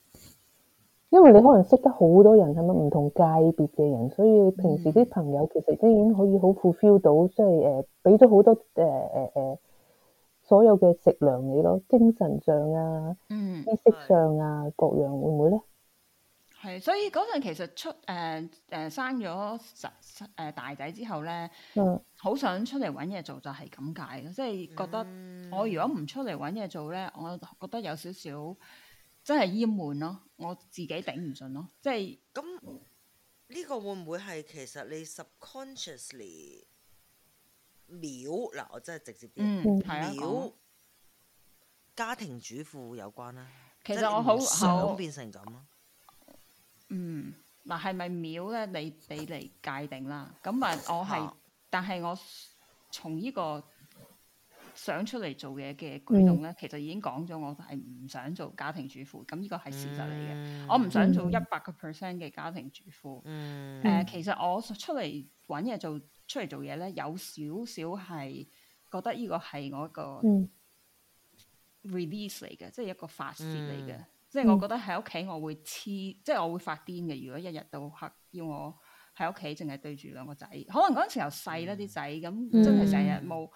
[SPEAKER 1] 因為你可能識得好多人，係咪唔同界別嘅人，所以平時啲朋友其實當然可以好 fulfill 到，即係誒，俾咗好多誒誒誒，所有嘅食糧你咯，精神上啊，嗯、知識上啊，的各樣會唔會咧？
[SPEAKER 3] 係，所以嗰陣其實出誒誒、呃、生咗十、呃、大仔之後咧，好、嗯、想出嚟揾嘢做，就係咁解。即係覺得我如果唔出嚟揾嘢做咧，我覺得有少少真係閹悶咯，我自己頂唔順咯。即係
[SPEAKER 2] 咁呢個會唔會係其實你 subconsciously 秒嗱、呃？我真係直接啲、嗯啊、秒家庭主婦有關啦。其實我好想變成咁咯。
[SPEAKER 3] 嗯，嗱，係咪秒咧？你你嚟界定啦。咁啊，我係，但係我從呢個想出嚟做嘢嘅舉動咧，嗯、其實已經講咗，我係唔想做家庭主婦。咁呢個係事實嚟嘅。嗯、我唔想做一百個 percent 嘅家庭主婦。誒，其實我出嚟搵嘢做，出嚟做嘢咧，有少少係覺得呢個係我一個 release 嚟嘅，即係、嗯、一個發洩嚟嘅。嗯即係我覺得喺屋企，我會黐，即係我會發癲嘅。如果一日到黑要我喺屋企，淨係對住兩個仔，可能嗰陣時候細咧啲仔，咁、嗯、真係成日冇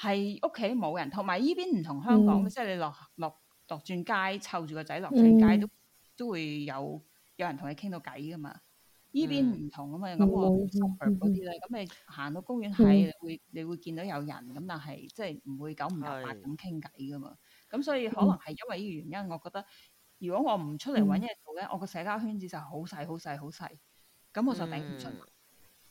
[SPEAKER 3] 喺屋企冇人。同埋依邊唔同香港，嗯、即係你落落落轉街，湊住個仔落轉街都都會有有人同你傾到偈噶嘛。依、嗯、邊唔同啊嘛，咁我 s u p 嗰啲咧，咁我、嗯嗯、你行到公園係，嗯、你會你會見到有人，咁但係即係唔會九唔搭八咁傾偈噶嘛。咁、嗯、所以可能係因為呢個原因，我覺得。如果我唔出嚟揾嘢做咧，嗯、我個社交圈子就好細、好細、好細，咁我就頂唔順。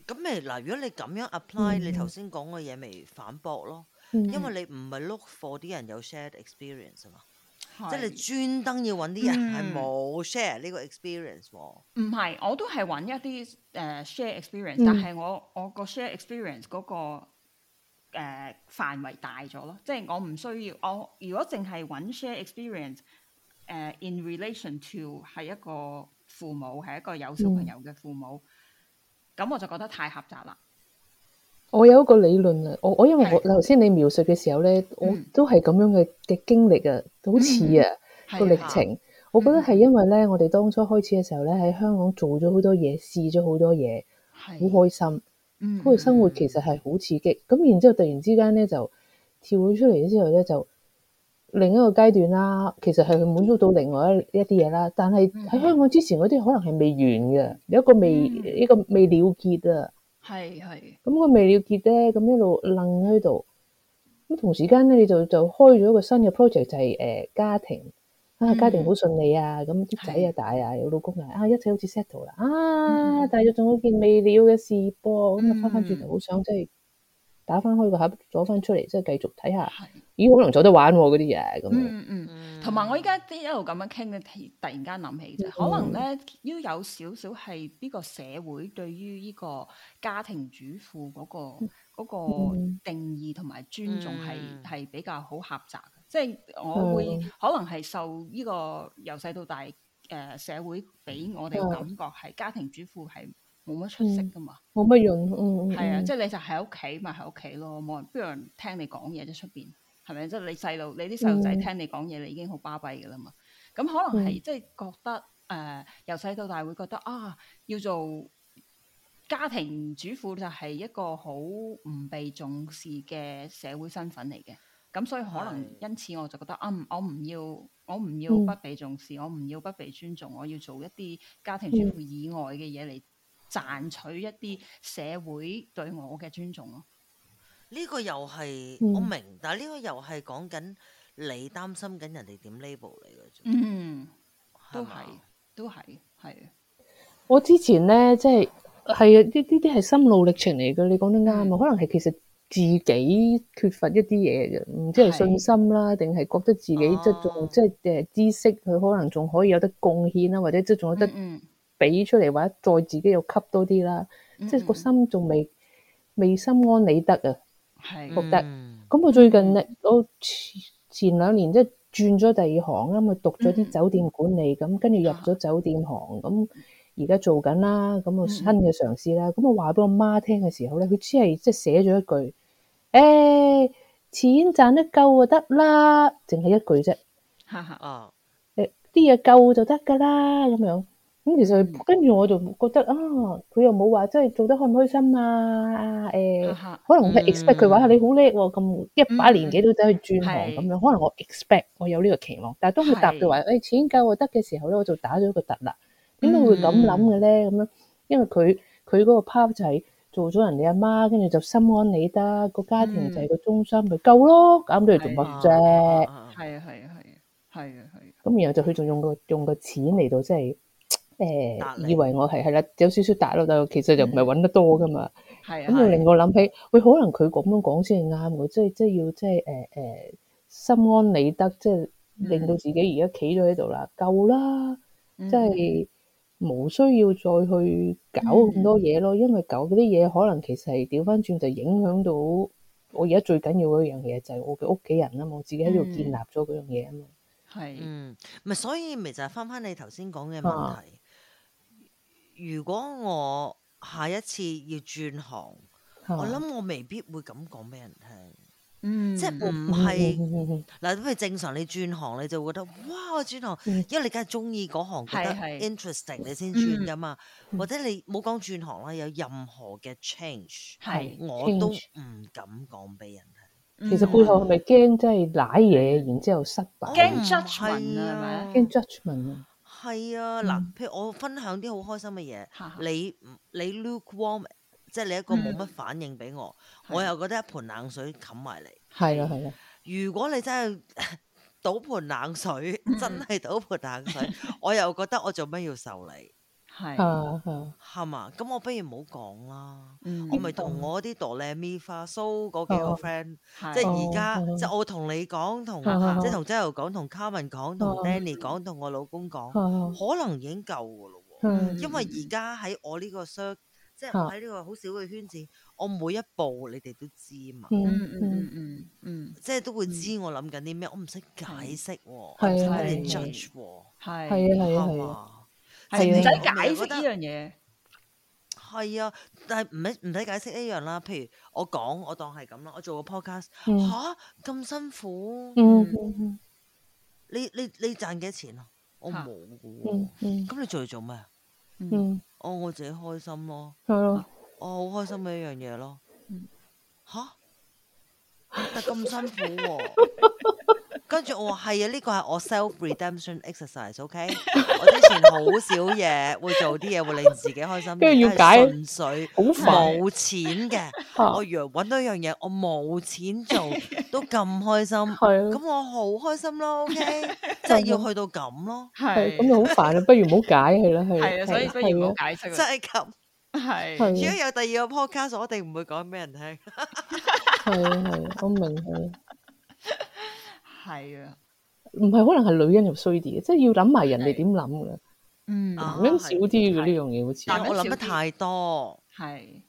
[SPEAKER 2] 咁咪嗱，嗯嗯、如果你咁樣 apply，你頭先講嘅嘢咪反駁咯？因為你唔係 look for 啲人有 shared experience 啊嘛，是即係你專登要揾啲人係冇 share 呢個 experience 喎。唔係、嗯，我都係揾一啲誒、uh, share experience，、嗯、但係我我 sh、嗰個 share、uh,
[SPEAKER 3] experience 嗰個誒範圍大咗咯。即係我唔需要我如果淨係揾 share experience。誒、uh,，in relation to 係一個父母，係一個有小朋友嘅父母，咁、嗯、我就覺得太狹窄啦。
[SPEAKER 1] 我有一個理論啊，我我因為我頭先你描述嘅時候咧，嗯、我都係咁樣嘅嘅經歷啊，好似啊個歷程，啊、我覺得係因為咧，我哋當初開始嘅時候咧，喺、嗯、香港做咗好多嘢，試咗好多嘢，好是開心，嗰個、嗯、生活其實係好刺激。咁然之後突然之間咧就跳咗出嚟之後咧就。就另一個階段啦，其實係佢滿足到另外一一啲嘢啦，但係喺香港之前嗰啲可能係未完嘅，有一個未一個未了結啊。係係。咁個未了結咧，咁一路楞喺度，咁同時間咧，你就就開咗一個新嘅 project 就係誒家庭啊，家庭好順利啊，咁啲仔啊大啊，有老公啊，啊一切好似 settle 啦，啊但係仲有件未了嘅事噃，咁啊翻返轉頭好想即係。打翻開個盒，攞翻出嚟，即係繼續睇下。是咦，好，能做得玩嗰啲嘢咁。嗯嗯嗯，
[SPEAKER 3] 同埋我依家啲一路咁樣傾，突然間諗起，嗯、可能咧要有少少係呢個社會對於呢個家庭主婦嗰、嗰個、嗯、個定義同埋尊重係係、嗯、比較好狹窄。即係、嗯、我會可能係受呢、這個由細到大誒、呃、社會俾
[SPEAKER 1] 我哋嘅感覺
[SPEAKER 3] 係家庭主婦係。
[SPEAKER 1] 冇乜出息噶嘛，冇乜、嗯、用，係、嗯、啊，的即係你、
[SPEAKER 3] 嗯、就喺屋企咪喺屋企咯，冇人邊有人聽你講嘢啫，出邊係咪？即係你細路，你啲細路仔聽你講嘢，嗯、你已經好巴閉噶啦嘛。咁可能係即係覺得誒，由、呃、細到大會覺得啊，要做家庭主婦就係一個好唔被重視嘅社會身份嚟嘅。咁所以可能因此我就覺得、嗯、啊，我唔要，我唔要不被重視，嗯、我唔要不被尊重，我要做一啲家庭主婦以外嘅嘢嚟。賺取一啲社會對我嘅尊重咯，
[SPEAKER 2] 呢、嗯、個又係我明，但係呢個又係講緊你擔心緊人哋點 label 你嘅，嗯，都係吧都係係。
[SPEAKER 1] 我之前咧，即係係啊，呢呢啲係心路歷程嚟嘅。你講得啱啊，嗯、可能係其實自己缺乏一啲嘢嘅，唔知係信心啦，定係是覺得自己、哦、即係仲即係誒知識，佢可能仲可以有得貢獻啦，或者即係仲有得、嗯俾出嚟，或者再自己又吸多啲啦，即係個心仲未、mm. 未心安理得啊，係覺的得咁、mm. 我最近咧，我、mm. 前前兩年即係轉咗第二行啊，咪讀咗啲酒店管理咁，跟住入咗酒店行咁，而家 做緊啦。咁啊新嘅嘗試啦，咁我話俾我媽聽嘅時候咧，佢只係即係寫咗一句誒，eh, 錢賺得夠就得啦，淨係一句啫。哈哦， 啲嘢夠就得噶啦，咁、啊、樣。咁其實跟住我就覺得啊，佢又冇話真係做得開唔開心啊？誒，可能我 expect 佢話你好叻喎，咁一把年紀都走去轉行咁樣，可能我 expect 我有呢個期望。但係當佢答到話誒錢夠我得嘅時候咧，我就打咗個突啦。點解會咁諗嘅咧？咁樣，因為佢佢嗰個 part 就係做咗人哋阿媽，跟住就心安理得，個家庭就係個中心，咪夠咯，揀咗嚟做乜啫？係啊係
[SPEAKER 3] 啊係啊係
[SPEAKER 1] 啊係。咁然後就佢仲用個用個錢嚟到即係。誒，以為我係，係啦，有少少達咯，但係其實就唔係揾得多㗎嘛。係啊，咁就令我諗起，喂，可能佢咁樣講先係啱嘅，即係即係要即係誒誒心安理得，即係令到自己而家企咗喺度啦，夠啦，即係冇需要再去搞咁多嘢咯。因為搞嗰啲嘢，可能其實係調翻轉就影響到我而家最緊要嗰樣嘢，就係我嘅屋企人啊嘛。我自己喺度建立咗嗰樣嘢啊嘛。係，嗯，
[SPEAKER 2] 咪所以咪就係翻翻你頭先講嘅問題。如果我下一次要轉行，我諗我未必會咁講俾人聽，嗯， 即係唔係嗱，因為正常你轉行你就會覺得哇轉行，因為你梗係中意嗰行，覺得 interesting 你先轉噶嘛， 或者你冇講轉行啦，有任何嘅 change，係 我都唔敢講俾人聽。其實背後係
[SPEAKER 1] 咪驚即係瀨嘢，然之後失敗？驚 judgement 係咪啊？驚
[SPEAKER 2] judgement 啊？係啊，嗱，譬如我分享啲好開心嘅嘢哈，你你 lukewarm，即係你一個冇乜反應俾我，嗯、我又覺得一盆冷水冚埋你。係啊，係啊。如果你真係 倒盆冷水，真係倒盆冷水，嗯、我又覺得我做咩要受你？係，係嘛？咁我不如唔好講啦。我咪同我啲 do re mi fa so 嗰幾個 friend，即係而家，即係我同你講，同即係同周游講，同 Carmen 講，同 Danny 講，同我老公講，可能已經夠㗎咯。因為而家喺我呢個 circle，即係喺呢個好少嘅圈子，我每一步你哋都知嘛。即係都會知我諗緊啲咩，我唔識解釋喎，睇你 judge 喎。係係係唔使解釋呢樣嘢，係、嗯嗯、啊！但係唔使唔使解釋呢樣啦。譬如我講，我當係咁啦。我做個 podcast，吓、啊，咁辛苦，嗯、你你你賺幾多錢啊？我冇嘅喎，嗯、咁你做嚟做咩啊？嗯，嗯，嗯，嗯、哦，我自己開心咯、啊，係、啊、咯，我好開心嘅一樣嘢咯，吓，嚇，但咁辛苦喎、啊。 跟住我話係啊，呢個係我 self redemption exercise，OK？我之前好少嘢會做啲嘢會令自己開心，跟住要解，純粹冇錢嘅。我以為揾到一樣嘢，我冇錢做都咁開心，咁我好開心咯。OK，就係要去到咁咯。係，咁你好煩
[SPEAKER 1] 啊，不如唔好解佢啦，係。係啊，所以不如唔好解釋。
[SPEAKER 2] 真係咁，係。如果有第二個 podcast 我哋唔會講俾人聽。
[SPEAKER 1] 係啊係啊，我明係。係啊，唔係可能係女人又衰啲，即係要諗埋人哋點諗噶的嗯，男人
[SPEAKER 2] 少啲嘅呢樣嘢好似。但我諗得太多，係的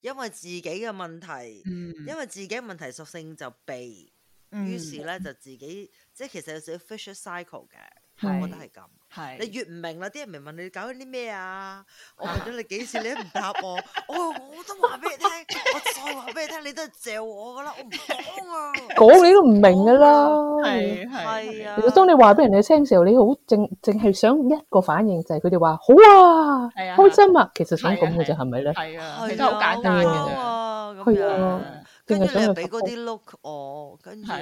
[SPEAKER 2] 因為自己嘅問題，嗯、因為自己嘅問題索性就避，於是咧就自己，即係其實有少少 vicious cycle 嘅。我覺得係咁，你越唔明啦，啲人咪問你搞緊啲咩啊？我問咗你幾次，你都唔答我。我我都話俾你聽，我再話俾你聽，你
[SPEAKER 1] 都係謝我噶啦，我唔講啊。講你都唔明噶啦。係係啊。當你話俾人哋聽時候，你好淨淨係想一個反應就係佢哋話好啊，開心啊，其實想咁嘅啫，係咪咧？係啊，其實好簡單啊。係啊，跟住又俾嗰啲
[SPEAKER 2] look 我，跟住。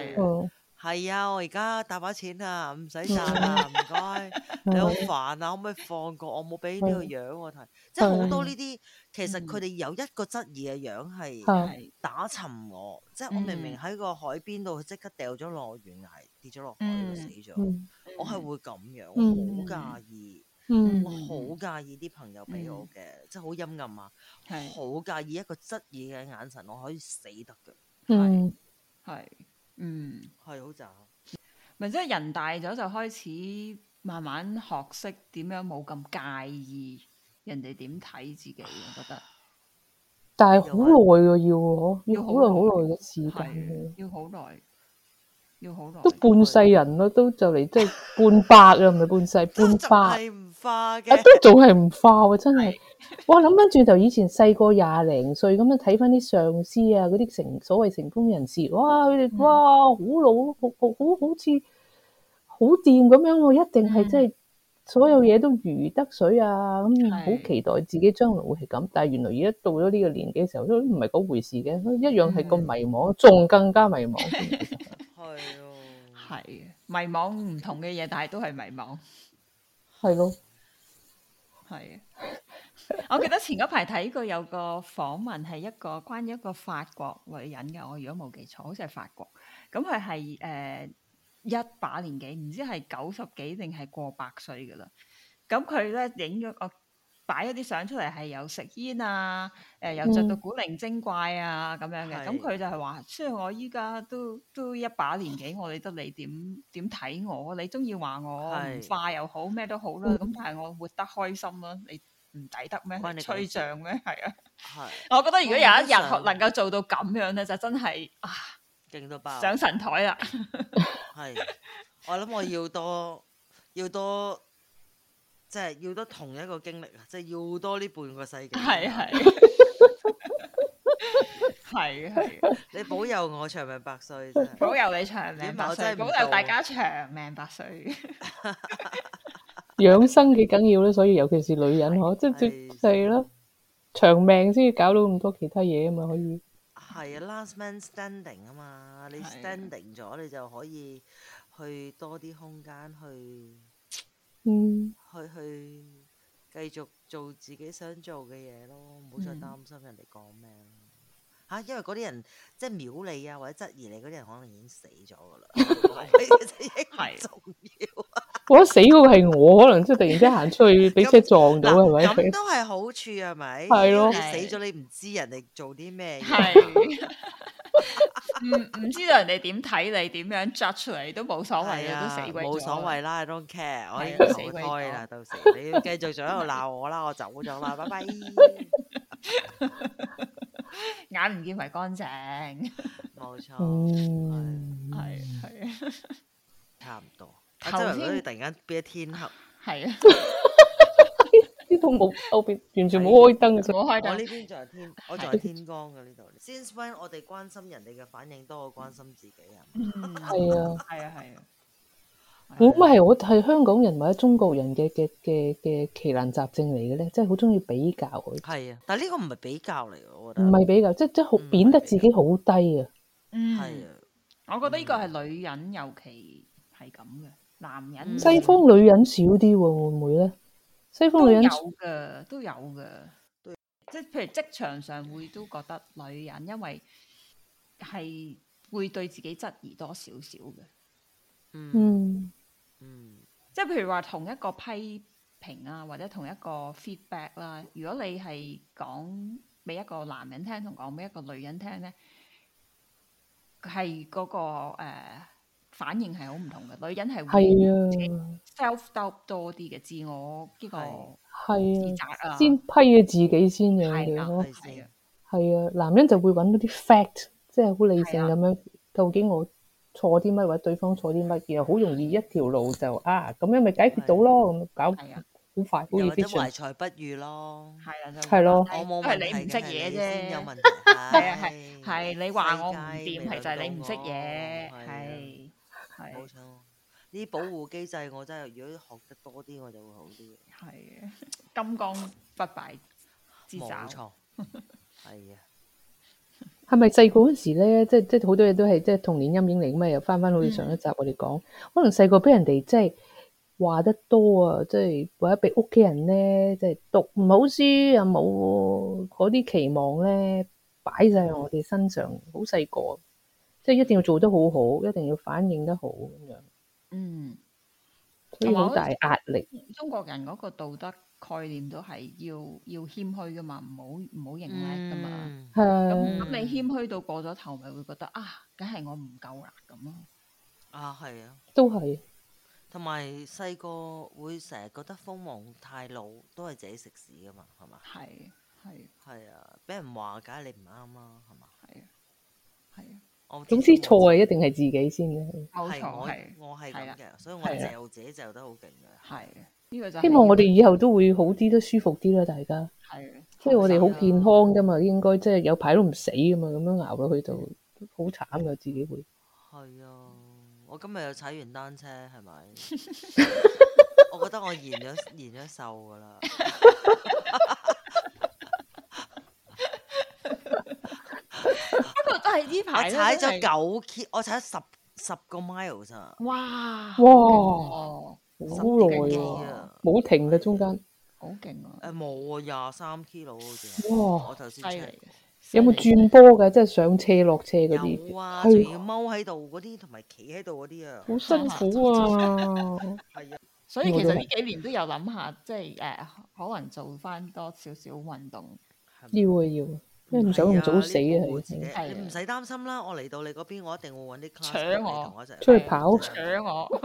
[SPEAKER 2] 係啊，我而家大把錢啊，唔使賺啦，啊，唔該，你好煩啊，可唔可以放過？我冇俾呢個樣我睇，的即係好多呢啲，其實佢哋有一個質疑嘅樣係係打沉我，的即係我明明喺個海邊度，即刻掉咗落懸崖，跌咗落海死咗，的我係會咁樣，我好介，的介意，我好介意啲朋友俾我嘅，的即係好陰暗啊，的好介意一個質疑嘅眼神，我可以死得嘅，係係。的嗯，係好雜，
[SPEAKER 3] 咪即係人大咗就開始慢慢學識點樣冇咁介意人哋點睇自己，我覺得。
[SPEAKER 1] 但係、啊、是好耐噶要、啊要，要好耐好耐嘅時間，要好耐，
[SPEAKER 3] 要好耐，都
[SPEAKER 1] 半世人咯， 都就嚟即係半百啊，唔係半世半百。 化嘅都仲係唔化喎！真係，哇，諗翻轉頭以前細個廿零歲咁樣睇翻啲上司啊，嗰啲成所謂成功人士，哇佢哋哇好老，好好好好似好掂咁樣，我一定係真係所有嘢都如魚得水啊！咁好期待自己將來會係咁，但係原來而家到咗呢個年紀嘅時候都唔係嗰回事嘅，一樣係咁迷茫，仲更加迷茫。係
[SPEAKER 3] 啊，係啊，迷茫唔同嘅嘢，但係都係迷茫，
[SPEAKER 1] 係咯。
[SPEAKER 3] 係， 我記得前嗰排睇過有個訪問，係一個關於一個法國女人噶。我如果冇記錯，好似係法國。咁佢係誒一把年紀，唔知係九十幾定係過百歲噶啦。咁佢咧影咗個。擺一啲相出嚟係有食煙啊，誒、呃、又著到古靈精怪啊咁樣嘅，咁佢的就係話，雖然我依家都都一把年紀，我理得你點點睇我？你中意話我快又好，咩都好啦，咁但係我活得開心啦、啊，你唔抵得咩吹脹咩？係
[SPEAKER 2] 啊，的我覺得如果有一日能夠做到咁樣咧，嗯、就真係啊，勁到爆上神
[SPEAKER 3] 台啦！
[SPEAKER 2] 係， 我諗我要多要多。要多即係要多同一個經歷啊！即係要多呢半個世紀。係係係係，你保佑我長命百歲。
[SPEAKER 3] 保佑你長命百歲，保佑大家長命百歲。
[SPEAKER 1] 養 生幾緊要咧，所以尤其是女人嗬，即係最係咯，長命先要搞到咁多其他嘢啊嘛，可以。
[SPEAKER 2] 係啊，啊，last man standing 啊嘛，你 standing 咗，你就可以去多啲空間去。嗯，去去繼續做自己想做嘅嘢咯，唔好再擔心人哋講咩啦。吓、嗯，因為嗰啲人即係藐你啊，或者質疑你嗰啲人，可能已經死咗噶啦。係 重要、
[SPEAKER 1] 啊。我 死嗰個係我，可能即係突然之間行出去俾車撞到，係咪、 嗯？咁都
[SPEAKER 2] 係好處係咪？係、嗯、咯，死咗你唔知人哋做啲咩。係。唔唔、 嗯、知道人哋點睇你，點樣 judge 出嚟
[SPEAKER 3] 都冇所謂啊， 都死鬼咗。冇所謂
[SPEAKER 2] 啦，I don't care， 我已經死胎啦， 到時你要繼續仲喺度鬧我啦，我走咗啦， 拜拜。
[SPEAKER 3] 眼唔見為乾淨，冇 錯，係係，
[SPEAKER 2] 差唔多。真頭天突然間變天黑，係啊。
[SPEAKER 1] 都冇，後邊完全冇開燈嘅，冇開燈。我呢邊就係天，
[SPEAKER 2] 我係天光嘅呢度。Since when 我哋關心人哋嘅反應多過關心自己啊？嗯，係啊，係啊，係啊。咁咪
[SPEAKER 1] 係我係香港人或者中國人嘅嘅嘅嘅奇難雜症嚟嘅咧，即係好中意比較嗰啲。係
[SPEAKER 2] 啊，但係呢個唔係比較嚟，我覺得唔係
[SPEAKER 1] 比較，即係即係好貶得自己好低啊。嗯，
[SPEAKER 3] 係啊，我覺得呢個係女人尤其係咁嘅，男人西方女
[SPEAKER 1] 人少啲喎，會唔會咧？都
[SPEAKER 3] 有嘅，都有嘅，即係譬如職場上會都覺得女人，因為係會對自己質疑多少少嘅，嗯，嗯，即係譬如話同一個批評啊，或者同一個 feedback 啦，啊，如果你係講俾一個男人聽同講俾一個女人聽咧，係嗰、嗰個誒。Uh, 反應係好唔同嘅，女人係會 self doubt 多啲嘅，自我
[SPEAKER 1] 呢個自責啊，先批咗自己先嘅嘢咯。係啊，男人就會揾到啲 fact，即係好理性咁樣，究竟我錯啲乜，或者對方錯啲乜，嘢，好容易一條路就啊，咁樣咪解決到咯，搞好快，好易
[SPEAKER 3] 啲懷
[SPEAKER 2] 才不遇咯，係啊，係咯，我冇問題，係你唔
[SPEAKER 3] 識嘢啫。係啊，係係你話我唔掂，其實係你唔識嘢。
[SPEAKER 2] 冇錯，啲保護機制我真係、啊、如果學得多啲，我就
[SPEAKER 3] 會好啲。係金剛不敗之爪。冇錯，
[SPEAKER 1] 係啊。係咪細個嗰時咧，即係即係好多嘢都係即係童年陰影嚟咁啊？又翻翻好似上一集我哋講，嗯、可能細個俾人哋即係話得多、即係即係、啊，即係或者俾屋企人咧，即係讀唔好書又冇嗰啲期望咧，擺晒喺我哋身上，好細個。即係一定要做得好好，一定要反應得好咁樣。嗯，所以好大壓力。
[SPEAKER 3] 中國人嗰個道德概念都係要要謙虛噶嘛，唔好唔好認叻噶嘛。係。咁咁你謙虛到過咗頭，咪會覺得啊，梗係我唔夠啦咁咯。
[SPEAKER 2] 啊，係啊，都係。同埋細個會成日覺得鋒芒太露，都係自己食屎噶嘛，係嘛？係係。係啊，俾人話梗係你唔啱啦，係嘛？係啊，係啊。總之錯
[SPEAKER 1] 啊，一定係自己先嘅。係，
[SPEAKER 2] 我係咁嘅，所以我嚼自己嚼得好勁嘅。係，呢個就希望我哋以後都
[SPEAKER 1] 會好啲，都舒服啲啦、啊，大家。係、啊，即係我哋好健康噶嘛，啊、應該即係有排都唔死噶嘛，咁樣熬落去就好慘噶，自己會。
[SPEAKER 2] 係啊，我今日又踩完單車，係咪？ 我覺得我燃咗燃咗瘦噶啦。 一個都係呢排我踩咗九 k 我踩十十個 mile 咋？哇
[SPEAKER 1] 哇，好耐啊！冇停嘅中間，
[SPEAKER 2] 好勁啊！誒，冇啊，廿三 k 好似，哇，我頭先出嚟，有冇轉
[SPEAKER 1] 波嘅？即係上斜落斜嗰啲，有啊，
[SPEAKER 2] 仲要踎喺度嗰啲，同埋企喺度嗰啲啊，
[SPEAKER 1] 好辛苦啊！係啊，所以其實呢
[SPEAKER 3] 幾年都有諗下，即係誒，可能做翻多少少運動，
[SPEAKER 1] 要啊要。你唔想咁早死啊？係
[SPEAKER 2] 你唔使擔心啦，我嚟到你嗰邊，我一定會搵啲 class 嚟同我一齊出去跑。搶我，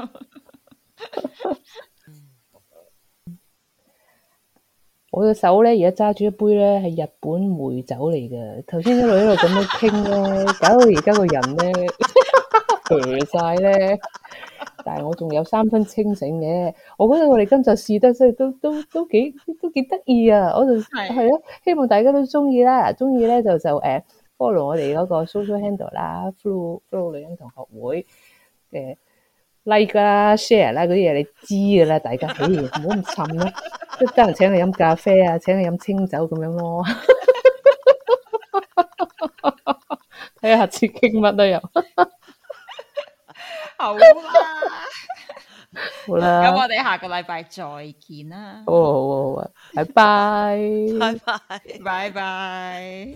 [SPEAKER 1] 我嘅手咧，而家揸住一杯咧，係日本梅酒嚟嘅。頭先一路一路咁樣傾咧，搞到而家個人咧肥晒咧。但係我仲有三分清醒嘅，我覺得我哋今日試得真係都都都幾都幾得意啊！我就係係啊，希望大家都中意啦。中意咧就就誒 follow 我哋嗰個 social handle 啦，follow follow 女人同學會嘅 like 啦、share 啦嗰啲嘢，你知噶啦，大家誒唔好咁沉咯，即係得閒請你飲咖啡啊，請你飲清酒咁樣咯，睇下次傾乜都有。
[SPEAKER 3] 好啦，好啦，咁我哋下個禮拜再見啦。
[SPEAKER 1] 好啊好啊，拜拜，拜拜，
[SPEAKER 3] 拜拜。